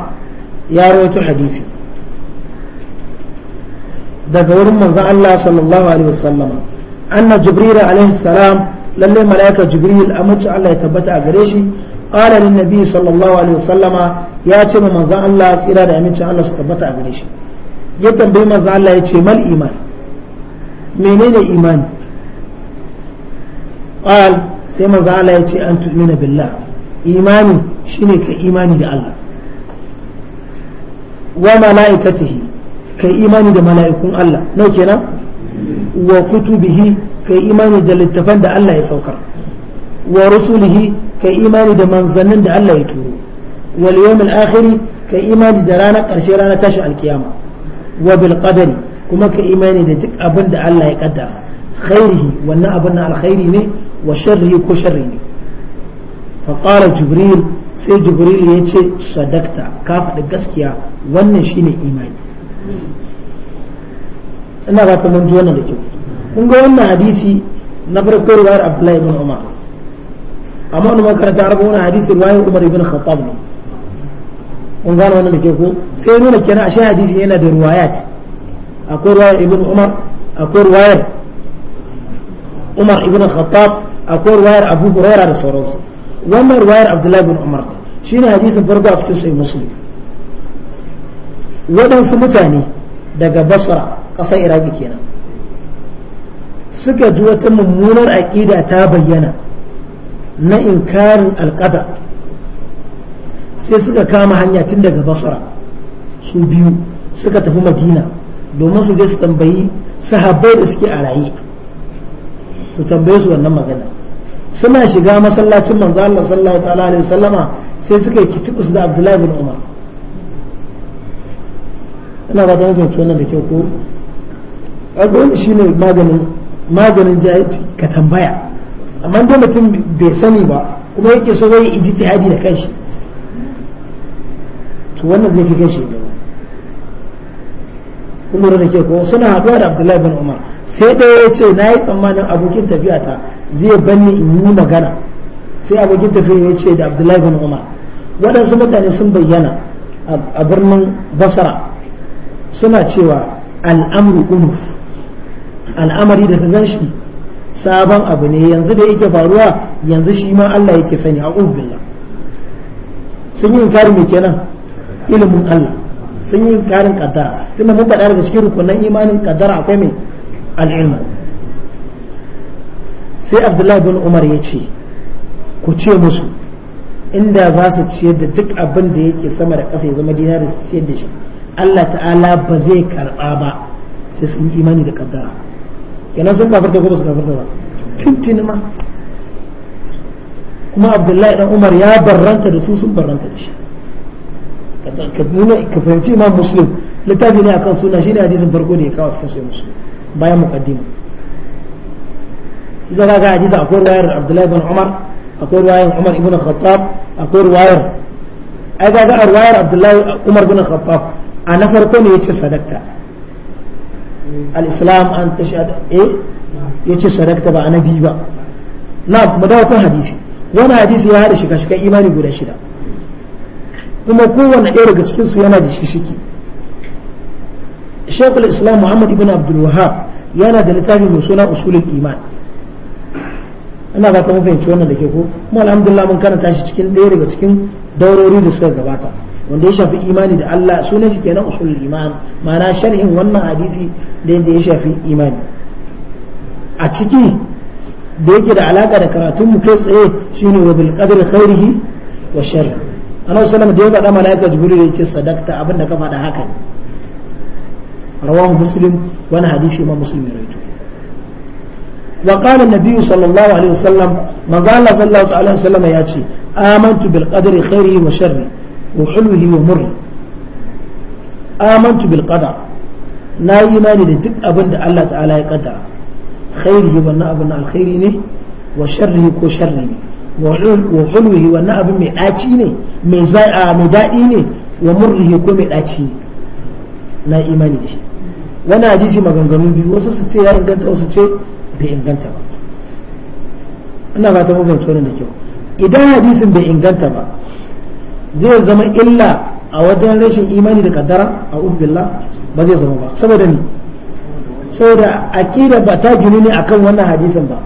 ya rawaito hadisi daga wurin manzon Allah sallallahu alaihi wasallama anna jibril alaihi salam lalle malaika jibril amince Allah ya tabbata a gare shi qala lin nabi sallallahu alaihi wasallama ya ce ma manzon Allah tsira da amincin Allah su tabbata a gare shi ya tambayi manzon Allah ya ce mal iman menene imani qala sai manzo Allah ya ce an tu'mina billah imani shine kai imani da Allah wa mala'ikatihi kai imani da mala'ikun Allah nau kenan wa kutubihi ka imani da littafan da Allah ya saukar wa rusulihi kai imani da manzannin da Allah ya turo wal akhiri kai ka imani da ranar karshe ranar tashi alkiyama wa bil qadari kuma kai imani da duk abin da Allah ya kaddara khairihi wannan abin na alkhairi ne wa sharri ko sharri ne faƙara jibril sai jibril ya ce sadakta ka faɗi gaskiya wannan shine imani ina ba ta wannan da kyau kun ga wannan hadisi na farko abdullahi ibn umar amma wani makaranta arba wani hadisi umar ibn khattab ne kun wannan da kyau ko sai nuna kenan ashe hadisi yana da riwayat akwai riwayar ibn umar akwai umar ibn khattab akwai ruwayar abu huraira da sauransu wannan ruwayar abdullahi bin umar shine hadisin farko a cikin sai muslim waɗansu mutane daga basra ƙasar iraki kenan suka ji wata mummunar aƙida ta bayyana na inkarin alƙada sai suka kama hanya tun daga basra su biyu suka tafi madina domin su je su tambayi sahabbai da suke a raye su tambaye su wannan magana suna shiga masallacin manzo Allah sallallahu ta'ala alaihi wasallama sai suka yi kitibus da Abdullahi bin Umar ina ba ta fahimci nan da kyau ko agon shine maganin maganin jahilci ka tambaya amma dan mutum bai sani ba kuma yake so ya ijtihadi da kanshi to wannan zai fi kanshi gaba umar da ke ko suna haɗuwa da abdullahi bin umar sai ɗaya ya ce na yi tsammanin abokin tafiya ta zai banni in yi magana sai abokin tafiya ya ce da abdullahi bin umar waɗansu mutane sun bayyana a birnin basara suna cewa al'amru umuf al'amari da ta zan shi sabon abu ne yanzu da yake faruwa yanzu shi ma Allah yake sani a nan sun yi inkari mai kenan ilimin Allah sun yi karin kaddara tunda mun faɗa daga cikin rukunan imanin kaddara akwai mai al'ilmu sai abdullahi bin umar ya ce ku ce musu inda za su ciyar da duk abin da yake sama da ƙasa ya zama dinari su ciyar da shi Allah ta'ala ba zai karɓa ba sai sun yi imani da kaddara kenan sun kafarta ko ba su kafarta ba tuntuni ma kuma abdullahi dan umar ya barranta da su sun barranta da shi ka nuna ka fahimci imam muslim littafi ne akan suna shine hadisin farko da ya kawo cikin sai muslim bayan muqaddima idan ka ga hadisi akwai wayar abdullahi bin umar akwai wayar umar ibn khattab akwai wayar ai ga ga wayar abdullahi umar bin khattab a na farko ne yace sadakta al-islam an tashhad eh yace sadakta ba annabi ba na mu dawo kan hadisi wani hadisi ya hada shiga shiga imani guda shida kuma kowane ɗaya daga cikinsu yana da shishiki shekul islam muhammad ibn abdul wahab yana da littafi mai suna usulul iman ina ba ta mafahimci wannan da ke ko kuma alhamdulillah mun karanta shi cikin ɗaya daga cikin daurori da suka gabata wanda ya shafi imani da Allah sunan shi kenan usulul iman ma'ana sharhin wannan hadisi da yadda ya shafi imani a ciki da yake da alaka da karatun mu kai tsaye shine wa bil qadri khairihi wa sharrihi annabi sallallahu da ya faɗa malaika jibril ya ce sadakta abin ka faɗa haka ne rawahu muslim wani hadisi ma muslim ya rawaito wa qala an-nabi sallallahu alaihi wasallam manzo Allah sallallahu alaihi wasallam ya ce amantu bil qadri khairi wa sharri wa hulwihi wa murri amantu bil qadar na yi imani da duk abin da Allah ta'ala ya kaddara khairihi wannan abin alkhairi ne wa sharrihi ko sharri ne wa hulwihi wannan abin mai ɗaci ne mai daɗi ne wa murrihi ko mai ɗaci na imani da shi wani hadisi maganganun biyu wasu su ce ya inganta wasu ce bai inganta ba ina ba ta mafi wannan da kyau idan hadisin bai inganta ba zai zama illa a wajen rashin imani da kaddara a billah ba zai zama ba saboda ni saboda akida ba ta gini ne akan wannan hadisin ba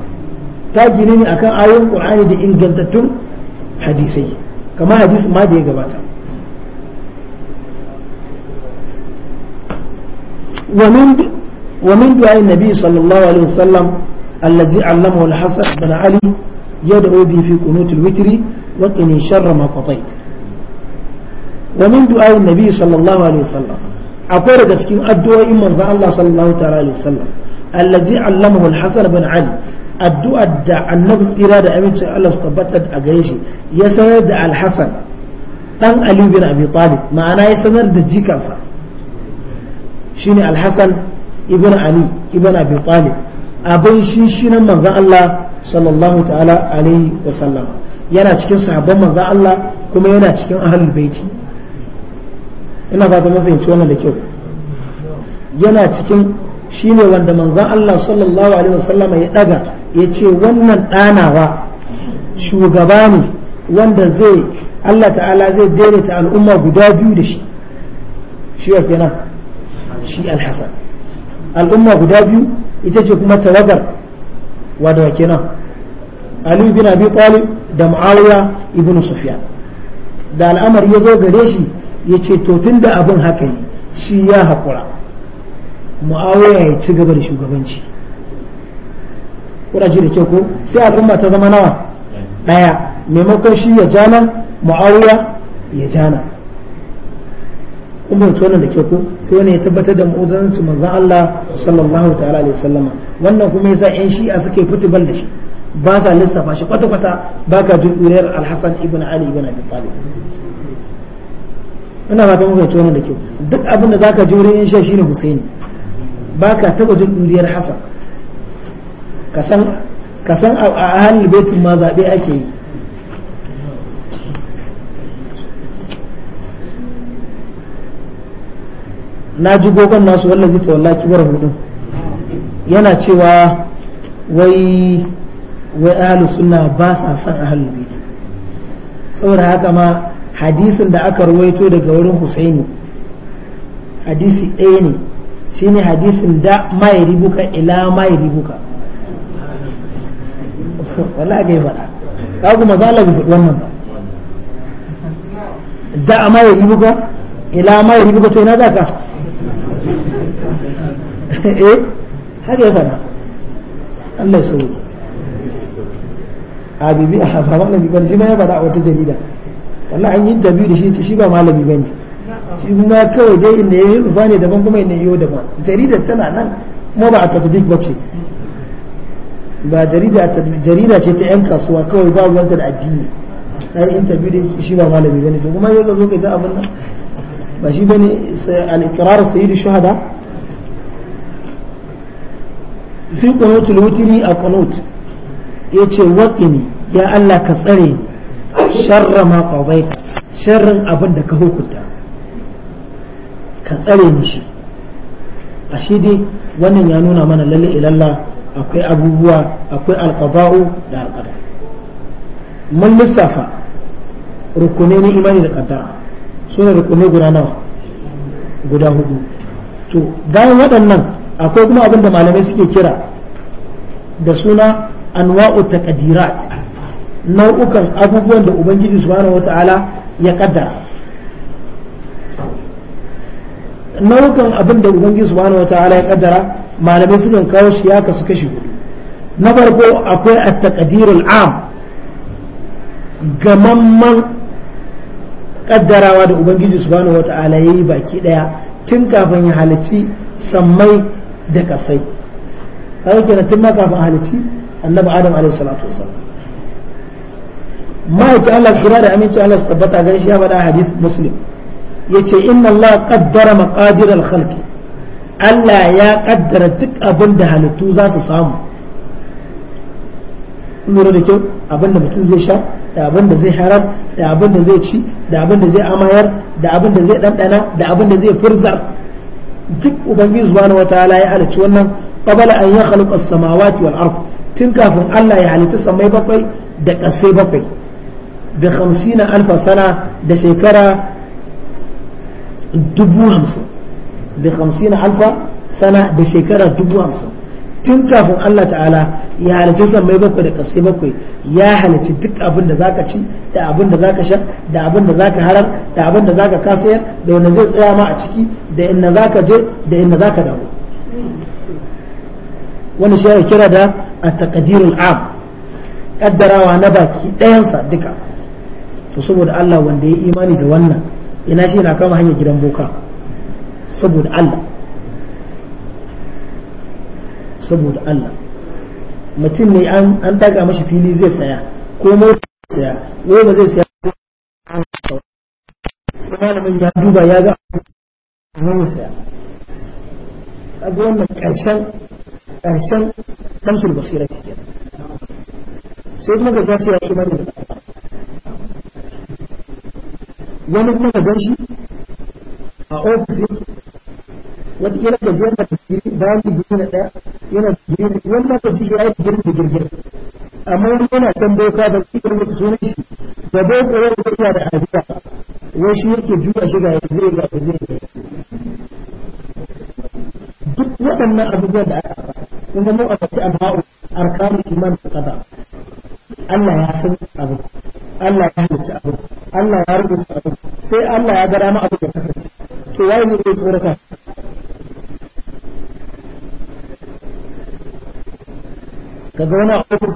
ta gini ne akan ayoyin qur'ani da ingantattun hadisai kamar hadisin ma da ya gabata ومن ومن دعاء النبي صلى الله عليه وسلم الذي علمه الحسن بن علي يدعو به في قنوت الوتر وقني شر ما قضيت ومن دعاء النبي صلى الله عليه وسلم أقول لك أدعو إما الله صلى الله عليه وسلم الذي علمه الحسن بن علي addu'ar da annabi tsira da amincin Allah su tabbata a gare shi ya sanar da alhassan dan aliyu bin abi talib ma'ana ya sanar da jikansa ne alhassan ibn ali ibn abi talib abin shi shinan manzon Allah sallallahu ta'ala alaihi wa sallama yana cikin sahabban manzon Allah kuma yana cikin ahlul baiti ina ba ta mafahimci wannan da kyau yana cikin shi ne wanda manzon Allah sallallahu alaihi wa sallama ya ɗaga. ya ce wannan ɗanawa shugaba ne wanda zai Allah ta'ala zai daidaita al'umma guda biyu da shi shi wa kenan shi alhassan al'umma guda biyu ita ce kuma tawagar wadda wa kenan aliyu bin Abi Talib da Muawiya ibn sufiya da al'amari ya zo gare shi ya ce to da abin haka ne shi ya haƙura mu'awiya ya ci gaba da shugabanci kuna da ke ko sai al'umma ta zama nawa daya maimakon shi ya jana mu'awiya ya jana kuma wannan da ke ko sai wani ya tabbatar da mu'uzancin manzon Allah sallallahu ta'ala alaihi wasallama wannan kuma yasa yan shi'a suke futubal da shi ba sa lissafa shi kwata kwata ba ka jin duriyar alhassan ibn ali ibn abi talib ina fatan muka ci wannan da kyau duk abin da ka ji wurin yan shi'a shine husaini ba ka taba jin duriyar hasan ka san a ahalul betin ma zaɓe ake yi na ji gogon nasu wallazi ta wallaki war hudu yana cewa wai wai ahalus sunna ba sa san ahalul betin saboda haka ma hadisin da aka ruwaito daga wurin husaini hadisi ɗaya ne shine hadisin da mai ribuka ila mai ribuka wallahi ga yi faɗa ka kuma za a bai faɗi wannan da amma ya yi buga ila maye yi buga to ina za ka eh haka ya faɗa Allah ya sauke a bibi a hafa malami bane shi ma ya a wata jarida wallahi an yi dabi da shi shi ba malami bane shi kuma kawai dai inda ya yi rufa ne daban kuma inda ya yi daban jaridar tana nan kuma ba a tatbik ba ce ba jarida ce ta 'yan kasuwa kawai ba wanta da addini ai interview da shi ba malami bane to kuma yau zo kai ta abin nan ba shi bane al-iqrar sayyid shuhada fi qunut al-wutri a qunut yace waqini ya Allah ka tsare sharra ma qadaita sharrin abin da ka hukunta ka tsare ni shi ashe dai wannan ya nuna mana lalle ilallah akwai abubuwa akwai alqada'u da alqada mun lissafa rukunai na imani da qaddara ne rukunai guda nawa guda hudu to bayan waɗannan akwai kuma abin da malamai suke kira da suna anwa'u taqdirat nau'ukan abubuwan da ubangiji subhanahu wata'ala ya kaddara nau'ukan abin da ubangiji subhanahu wata'ala ya kaddara malamai sukan kawo shi ya kasu kashi hudu na farko akwai a takadirul am gamamman kaddarawa da ubangiji subhanahu wata'ala ya yi baki daya tun kafin ya halici sammai da kasai kawai kenan tun ma kafin halici annabi adam alaihi salatu wasallam ma'aikin Allah kira da aminci Allah su tabbata gan shi ya faɗa hadith muslim yace inna Allah qaddara maqadir al-khalqi Allah ya kaddara duk abin da halittu za su samu lura da kyau abin da mutum zai sha da abin da zai harar da abin da zai ci da abin da zai amayar da abin da zai ɗanɗana da abin da zai furza duk ubangiji wata ala ya halicci wannan qabala an yakhluqa as-samawati wal ard tun kafin Allah ya halitta samai bakwai da ƙasai bakwai da hamsin alfa sana da shekara dubu hamsin bi hamsin alfa sana da shekara dubu hamsin tun kafin Allah ta'ala ya halicci sammai bakwai da kasai bakwai ya halicci duk abin da zaka ci da abin da zaka sha da abin da zaka harar da abin da zaka kasayar da wanda zai tsaya ma a ciki da inda zaka je da inda zaka dawo wani shi ya kira da a taqdirul am kaddarawa na baki ɗayansa duka to saboda Allah wanda ya yi imani da wannan ina shi na kama hanyar gidan boka saboda Allah saboda Allah mutum ne an taka mashi fili zai saya ko mota zai saya wai ba zai saya ko malamin ya duba ya ga zai saya kaga wannan karshen karshen damsul basira ce sai kuma ga ya imani da wani kuma ga gashi. a ofis yake wata kila da je da digiri bayan biyu na ɗaya yana digiri wani ma ka ji shi ya yi digiri da girgir amma wani yana can doka da kira da sunan shi da doka wani da iya da ajiya wai shi yake juya shi ga ya zai ga zai duk waɗannan abubuwa da aka faɗa kun mu a bace anwa'u arkanul iman da qada Allah ya san abu Allah ya halitta abu Allah ya rubuta abu sai Allah ya gara ma abu da kasance to waye ne zai tsorata wani ofis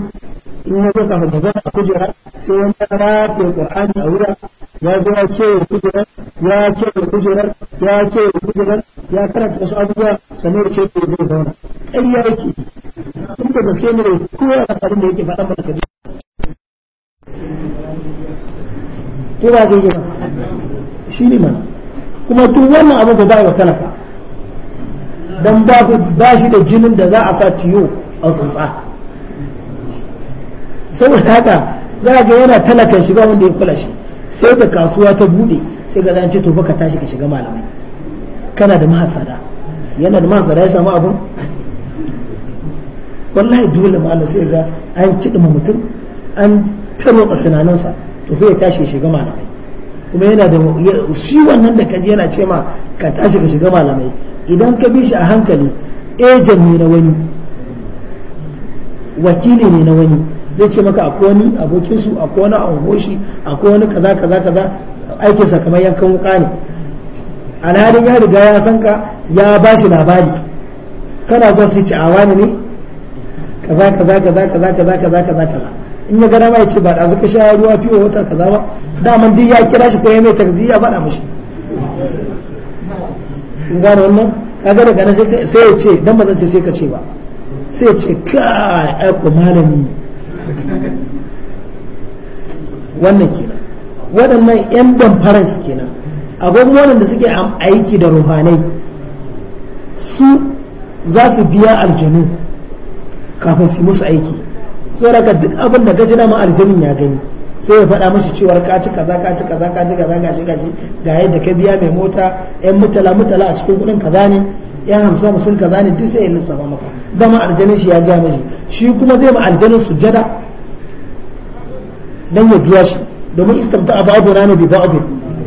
in ya zo kafin ka zama a kujera sai wani ya rafe a wurin ya zo ya kujerar ya kujerar ya kujerar ya karanta wasu abubuwa sannan ce ko zai zauna ƙarya yake da gaske ne kowa abin da yake faɗa mana ko ba zai yi ba shi ne mana kuma tun wannan abin ba za a yi wa talaka dan ba shi da jinin da za a sa tiyo a tsotsa saboda haka za a ga yana talakan shiga wanda ya kula shi sai da kasuwa ta bude sai ga zance ce to ka tashi ka shiga malamai kana da mahasada yana da mahasada ya samu abun wallahi dole ma sai ga an kiɗa mutum an a tunaninsa to sai ya tashi ya shiga malamai kuma yana da shi wannan da kaji yana ce ma ka tashi ka shiga malamai idan ka bi shi a hankali ejen ne na wani wakili ne na wani zai ce maka akwai wani abokin su akwai wani angoshi akwai wani kaza kaza kaza aikin sa kamar yankan wuka ne alhalin ya riga ya san ka ya ba shi labari kana zuwa su ci a wani ne kaza kaza kaza kaza kaza kaza kaza kaza in ya gada ma ya ce ba da suka sha ruwa fiye wata kaza ba daman duk ya kira shi ko ya mai takziya faɗa mashi in gane wannan kaga daga nan sai ya ce dan ba zan ce sai ka ce ba sai ya ce kai ai ko malami wannan kenan waɗannan yan damfaran su kenan akwai kuma suke aiki da ruhanai su za su biya aljanu kafin su musu aiki raka duk abin da gajina ma aljanin ya gani sai ya faɗa mashi cewa ka ci kaza ka ci kaza ka ci kaza gashi gashi ga yadda ka biya mai mota yan mutala mutala a cikin kuɗin kaza ne yan hamsin hamsin kaza ne duk sai ya lissafa maka dama aljanin shi ya gaya mashi shi kuma zai ma aljanin sujada dan ya biya shi domin istamta a babu rana bi babu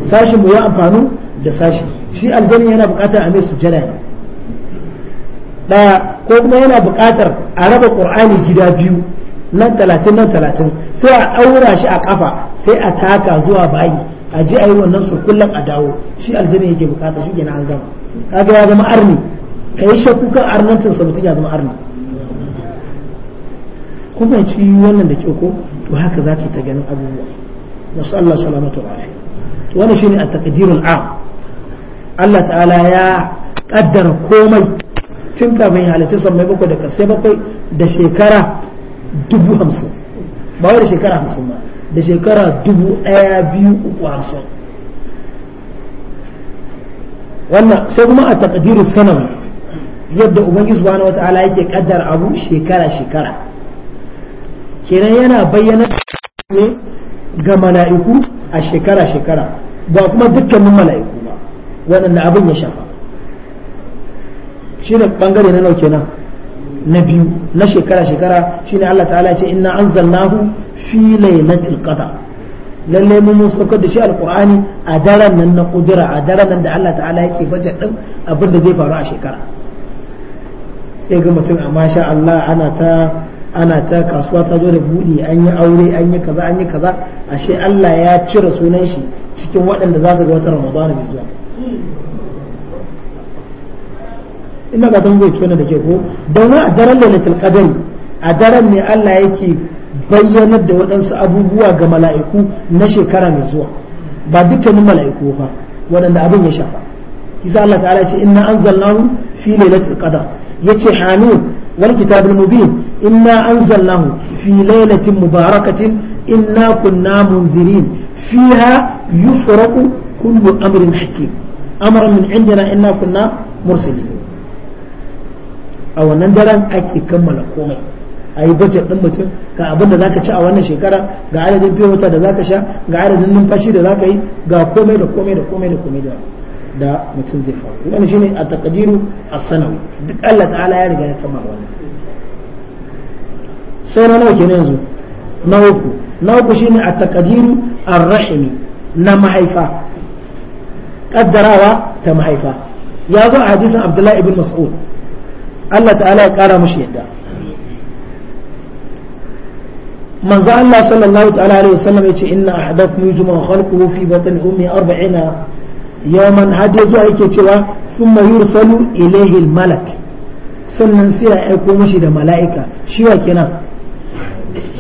sashi mu ya amfanu da sashi shi aljanin yana buƙatar a mai sujada jada daya ko kuma yana buƙatar a raba ƙur'ani gida biyu nan talatin nan talatin sai a ɗaura shi a kafa sai a taka zuwa bayi a ji a yi wannan kullum a dawo shi aljini yake bukata shi gina an gama kaga ya zama arni ka yi shakku kan arnantin sa mutum ya zama arni ci fahimci wannan da kyau ko to haka za ki ta ganin abubuwa na su Allah salamatu wa wani to wannan shine a takadirin am Allah ta'ala ya kaddara komai tun kafin halittu sammai bakwai da kasai bakwai da shekara dubu hamsin ba wai da shekara hamsin ba da shekara dubu ɗaya biyu uku hamsin wannan sai kuma a takadirin sanar yadda ubangiji subhanahu wata'ala yake kaddara abu shekara shekara kenan yana bayyana ne ga mala'iku a shekara shekara ba kuma dukkanin mala'iku ba waɗanda abin ya shafa shi da bangare na nau kenan na biyu na shekara shekara shine Allah ta'ala ya ce inna anzalnahu fi lailatul qadr lalle mun saukar da shi alqur'ani a daren nan na kudura a daren nan da Allah ta'ala yake bajet din abin da zai faru a shekara sai ga mutum amma ah, sha Allah ana ta ana ta kasuwa ta zo da buɗi an yi aure an yi kaza an yi kaza ashe Allah ya cire sunan shi cikin waɗanda za su ga wata Ramadan mai zuwa ina ba don zai tona da ke ko don a daren lailatul qadari a daren ne Allah yake bayyanar da waɗansu abubuwa ga mala'iku na shekara mai zuwa ba dukkanin mala'iku ba waɗanda abin ya shafa isa Allah ta'ala ce inna anzalnahu fi lailatul qadar yace hanu wal kitabul mubin inna anzalnahu fi lailatin mubarakatin inna kunna munzirin fiha yufraqu kullu amrin hakim amran min indina inna kunna mursalin a wannan daren ake kammala komai a yi budget ɗin mutum ga abin da zaka ci a wannan shekara ga adadin biyan wata da zaka sha ga adadin numfashi da zaka yi ga komai da komai da komai da komai da da mutum zai faru wannan shine a takadiru a sanawi duk Allah ta'ala ya riga ya kammala wannan sai na nawa kenan yanzu na uku na uku shine a takadiru ar-rahimi na mahaifa kaddarawa ta mahaifa ya zo a hadisin Abdullahi ibn Mas'ud Allah ta'ala ya kara mushi yadda manzo Allah sallallahu ta'ala alaihi wasallam yace inna ahadakum yujma khalquhu fi batni ummi 40 yawman hadi zuwa yake cewa thumma yursalu ilayhi al-malak sannan sai ya aiko mushi da mala'ika shi wa kenan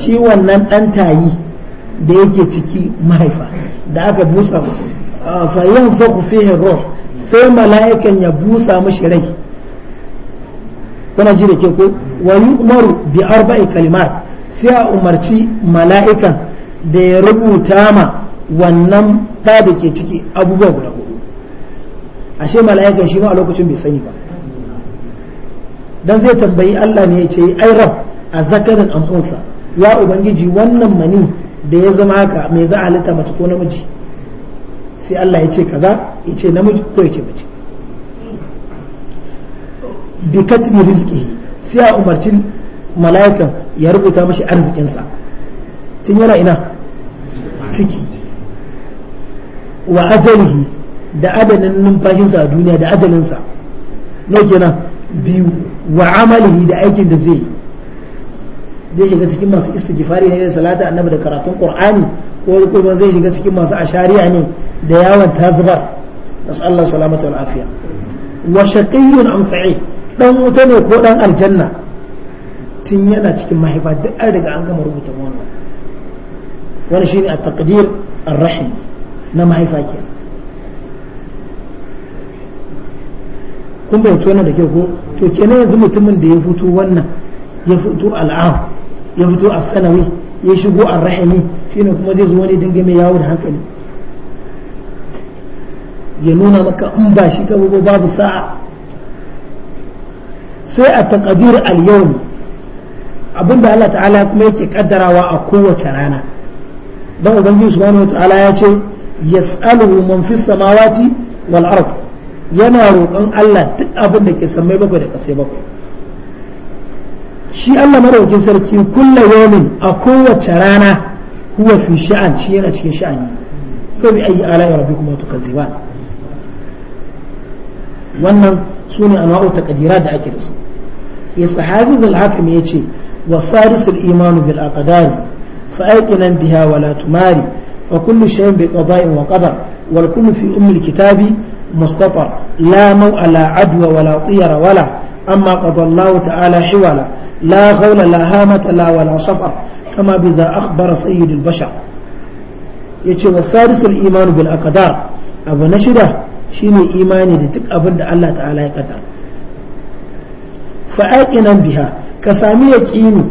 shi wannan dan tayi da yake ciki mahaifa da aka busa fa yanfakhu fihi ruh sai mala'ikan ya busa mushi rai kuna ji da ke ko wa yu'maru bi arba'i kalimat sai a umarci mala'ikan da ya rubuta ma wannan ta da ke ciki abubuwa guda hudu ashe mala'ikan shi ma a lokacin bai sani ba dan zai tambayi Allah ne ya ce ai rab a zakarin an ya ubangiji wannan mani da ya zama haka mai za a mace ko namiji sai Allah ya ce kaza ya ce namiji ko ya ce mace bi katbi rizqihi sai a umarci mala'ikan ya rubuta mashi arzikinsa tun yana ina ciki wa ajalihi da adadin numfashinsa a duniya da ajalinsa no kenan biyu wa amalihi da aikin da zai zai shiga cikin masu istighfari ne da salata annabi da karatun qur'ani ko kuma zai shiga cikin masu ashariya ne da yawon tazubar nasallahu salamata wal afiya wa shaqiyyun am sa'id dan wuta ne ko dan aljanna tun yana cikin mahaifa duk an riga an gama rubuta wannan wani shine a taqdir ar-rahim na mahaifa ke kun bayyace wannan da ke ko to kenan yanzu mutumin da ya fito wannan ya fito al'am ya fito a sanawi ya shigo ar-rahimi shine kuma zai zo wani dinga mai yawo da hankali ya nuna maka in ba shi ka babu sa'a sai a taƙadir al-yawm abinda Allah ta'ala kuma yake kaddarawa a kowace rana dan ubangiji subhanahu ta'ala ya ce yas'aluhu man fis samawati wal ard yana roƙon Allah duk abin da ke samai bakwai da ƙasai bakwai shi Allah maraukin sarki kullu yawmin a kowace rana huwa fi sha'an shi yana cikin sha'ani ko bi ayi ala rabbikum tukadziban wannan su ne anwa'u taqdira da ake da su ya sahabi al hakim ce wa sarisul iman bil aqdar fa ayqinan biha wa la tumari fa kullu shay'in bi qada'in wa qadar wal kullu fi umm al kitabi mustatar la maw'a la adwa wa la tiyara wa la amma qada Allah ta'ala hiwala la khawla la hamata la wa la safar kama bi za akhbara sayyidul bashar yace wa sarisul imanu bil aqdar abu na shida shine imani da duk abin da Allah ta'ala ya kaddara fa'aqinan biha ka sami yaqini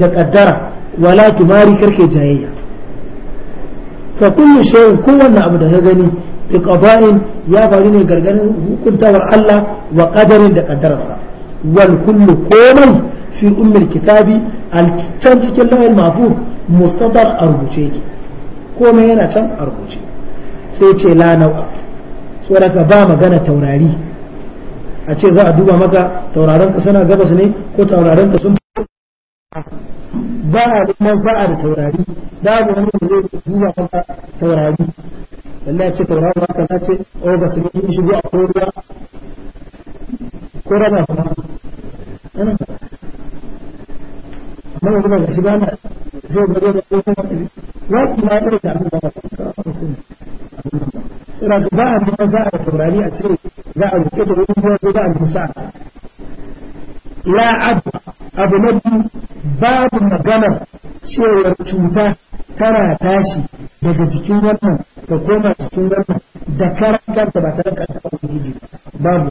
da kaddara wala tumari karke jayayya fa kullu shay'in kowanne abu da ka gani bi qada'in ya faru ne gargarin hukuntawar Allah wa qadarin da kaddararsa wal kullu komai fi ummil kitabi al-kitab cikin lawal mahfuz mustadar a rubuce komai yana can a rubuce sai ce la nau'a tsoraka ba magana taurari a ce za a duba maka tauraron ka gabas ne ko tauraron ka ba a neman sa'a da taurari da ba wani da zai duba maka taurari wallahi ce taurari haka ta ce o oh, ba su ne shigo a koriya ko raba kuma amma ba na zai gaba da ma abin da ba ina da ba a biya za a turani a ce za a rike da wani ruwa ko za a bisa la abu abu na biyu babu maganar cewar cuta tana tashi daga jikin wannan ta koma jikin wannan da karan ba tare da an taɓa ubangiji babu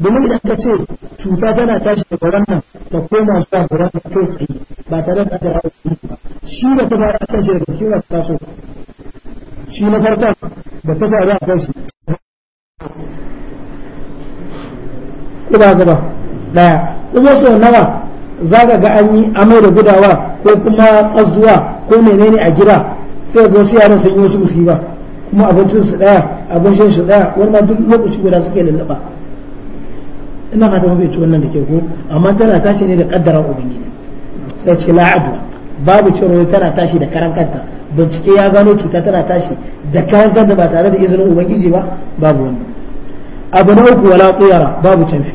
domin idan ka ce cuta tana tashi daga wannan ta koma zuwa wannan kai tsaye ba tare da an taɓa ubangiji ba shi da ta fara kan shi daga cikin wasu shi na farkon da ta faru a kan shi kuma gaba daya kuma sau nawa za ka ga an yi amai da gudawa ko kuma azuwa ko menene a gida sai ga wasu yaran sun yi wasu musiba kuma abincin su daya abincin su daya wannan duk lokaci guda suke lallaba ina fata mafi wannan da ke ko amma tana tashi ne da kaddara ubangiji sai ce la'adu babu ciro tana tashi da karan kanta bincike ya gano cuta tana tashi da karan kanta ba tare da izinin ubangiji ba babu wannan abu na uku wala tsayara babu canfi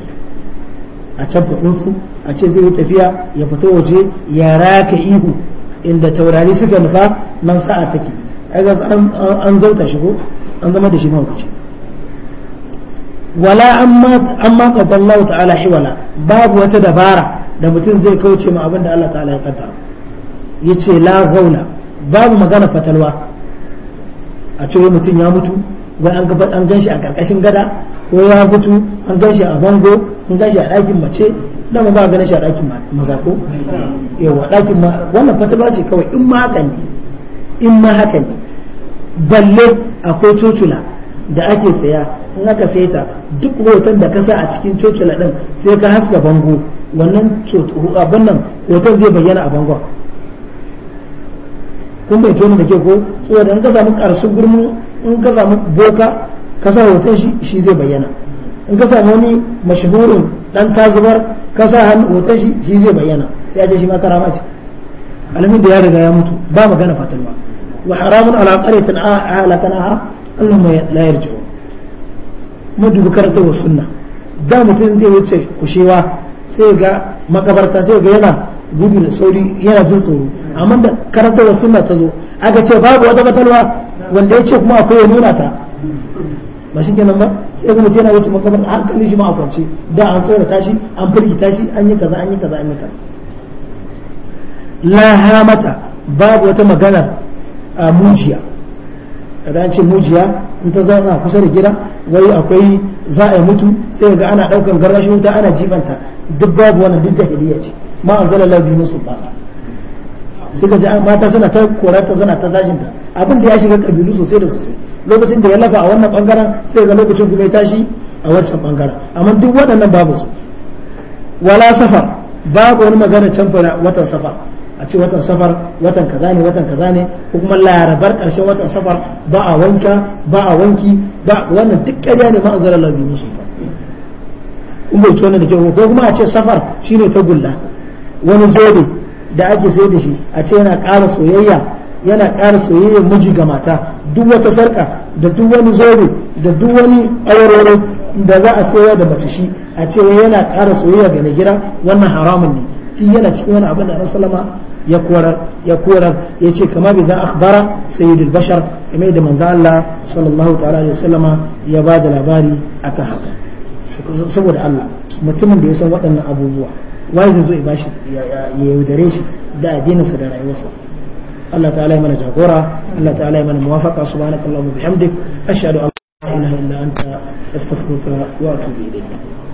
a canfa tsuntsu a ce zai yi tafiya ya fito waje ya raka ihu inda taurari suka nufa nan sa'a take an zauta shi ko an zama da shi mahaukaci wala amma Amma qadallahu ta'ala hiwala babu wata dabara da mutum zai kauce ma abin da Allah ta'ala ya kaddara ya ce la zauna babu magana fatalwa a cewa mutum ya mutu wai an gan shi a karkashin gada ko ya mutu an gan shi a bango an gan shi a ɗakin mace da ba ganin shi a ɗakin maza ko yawa ɗakin ma wannan fatalwa ce kawai in ma haka ne in ma haka ne balle akwai cocula da ake saya in aka sai ta duk hoton da ka sa a cikin cocula din sai ka haska bango wannan abin nan hoton zai bayyana a bangon kun bai tona da ke ko saboda in ka samu karsun gurmu in ka samu boka ka sa hoton shi shi zai bayyana in ka samu wani mashahurin dan tazubar ka sa hoton shi shi zai bayyana sai aje shi ma karama ce alamin da ya riga ya mutu ba magana fatalwa wa haramun ala qaryatin Allah mai la yarji'u mu dubi wa sunna da mutum zai wuce kushewa sai ga makabarta sai ga yana gudu da sauri yana jin tsoro amma da karanta da sunna ta zo aka ce babu wata batalwa wanda ya ce kuma akwai ya nuna ta ba shi kenan ba sai na mutum yana wuce makabar hankali shi ma a kwance da an tsorata shi an firgita shi an yi kaza an yi kaza an yi kaza la hamata babu wata magana a mujiya kada an ce mujiya in ta zauna kusa da gida wai akwai za a mutu sai ga ana ɗaukar garashin wuta ana jibanta duk babu wannan duk jahiliya ce ma anzala Allah bihi sultana suka ji mata suna ta ta suna ta tashin ta abin da ya shiga kabilu sosai da sosai lokacin da ya lafa a wannan bangaren sai ga lokacin kuma ya tashi a wancan bangaren amma duk waɗannan babu su wala safar babu wani magana can watan safar a ce watan safar watan kaza ne watan kaza ne ko kuma larabar karshen watan safar ba a wanka ba a wanki ba wannan duk ƙarya ne ma anzala Allah bihi sultana in bai wannan da kyau ko kuma a ce safar shine ta gulla wani zobe da ake sai da shi a ce yana ƙara soyayya yana ƙara soyayyar miji ga mata duk wata sarka da duk wani zobe da duk wani awarwaro da za a sayar da mace shi a ce yana ƙara soyayya ga mai gida wannan haramun ne in yana cikin wani abin da Annabi sallama ya korar ya korar ya ce kamar bi za akhbara sayyidul bashar kamar da manzo Allah sallallahu ta'ala alaihi wasallama ya ba da labari akan haka saboda Allah mutumin da ya san waɗannan abubuwa wai zai zo ya bashi ya yaudare shi da addininsa da rayuwarsa Allah ta'ala ya mana jagora Allah ta'ala ya mana muwafaqa subhanakallahumma bihamdik ashhadu an la ilaha illa anta astaghfiruka wa atubu ilayk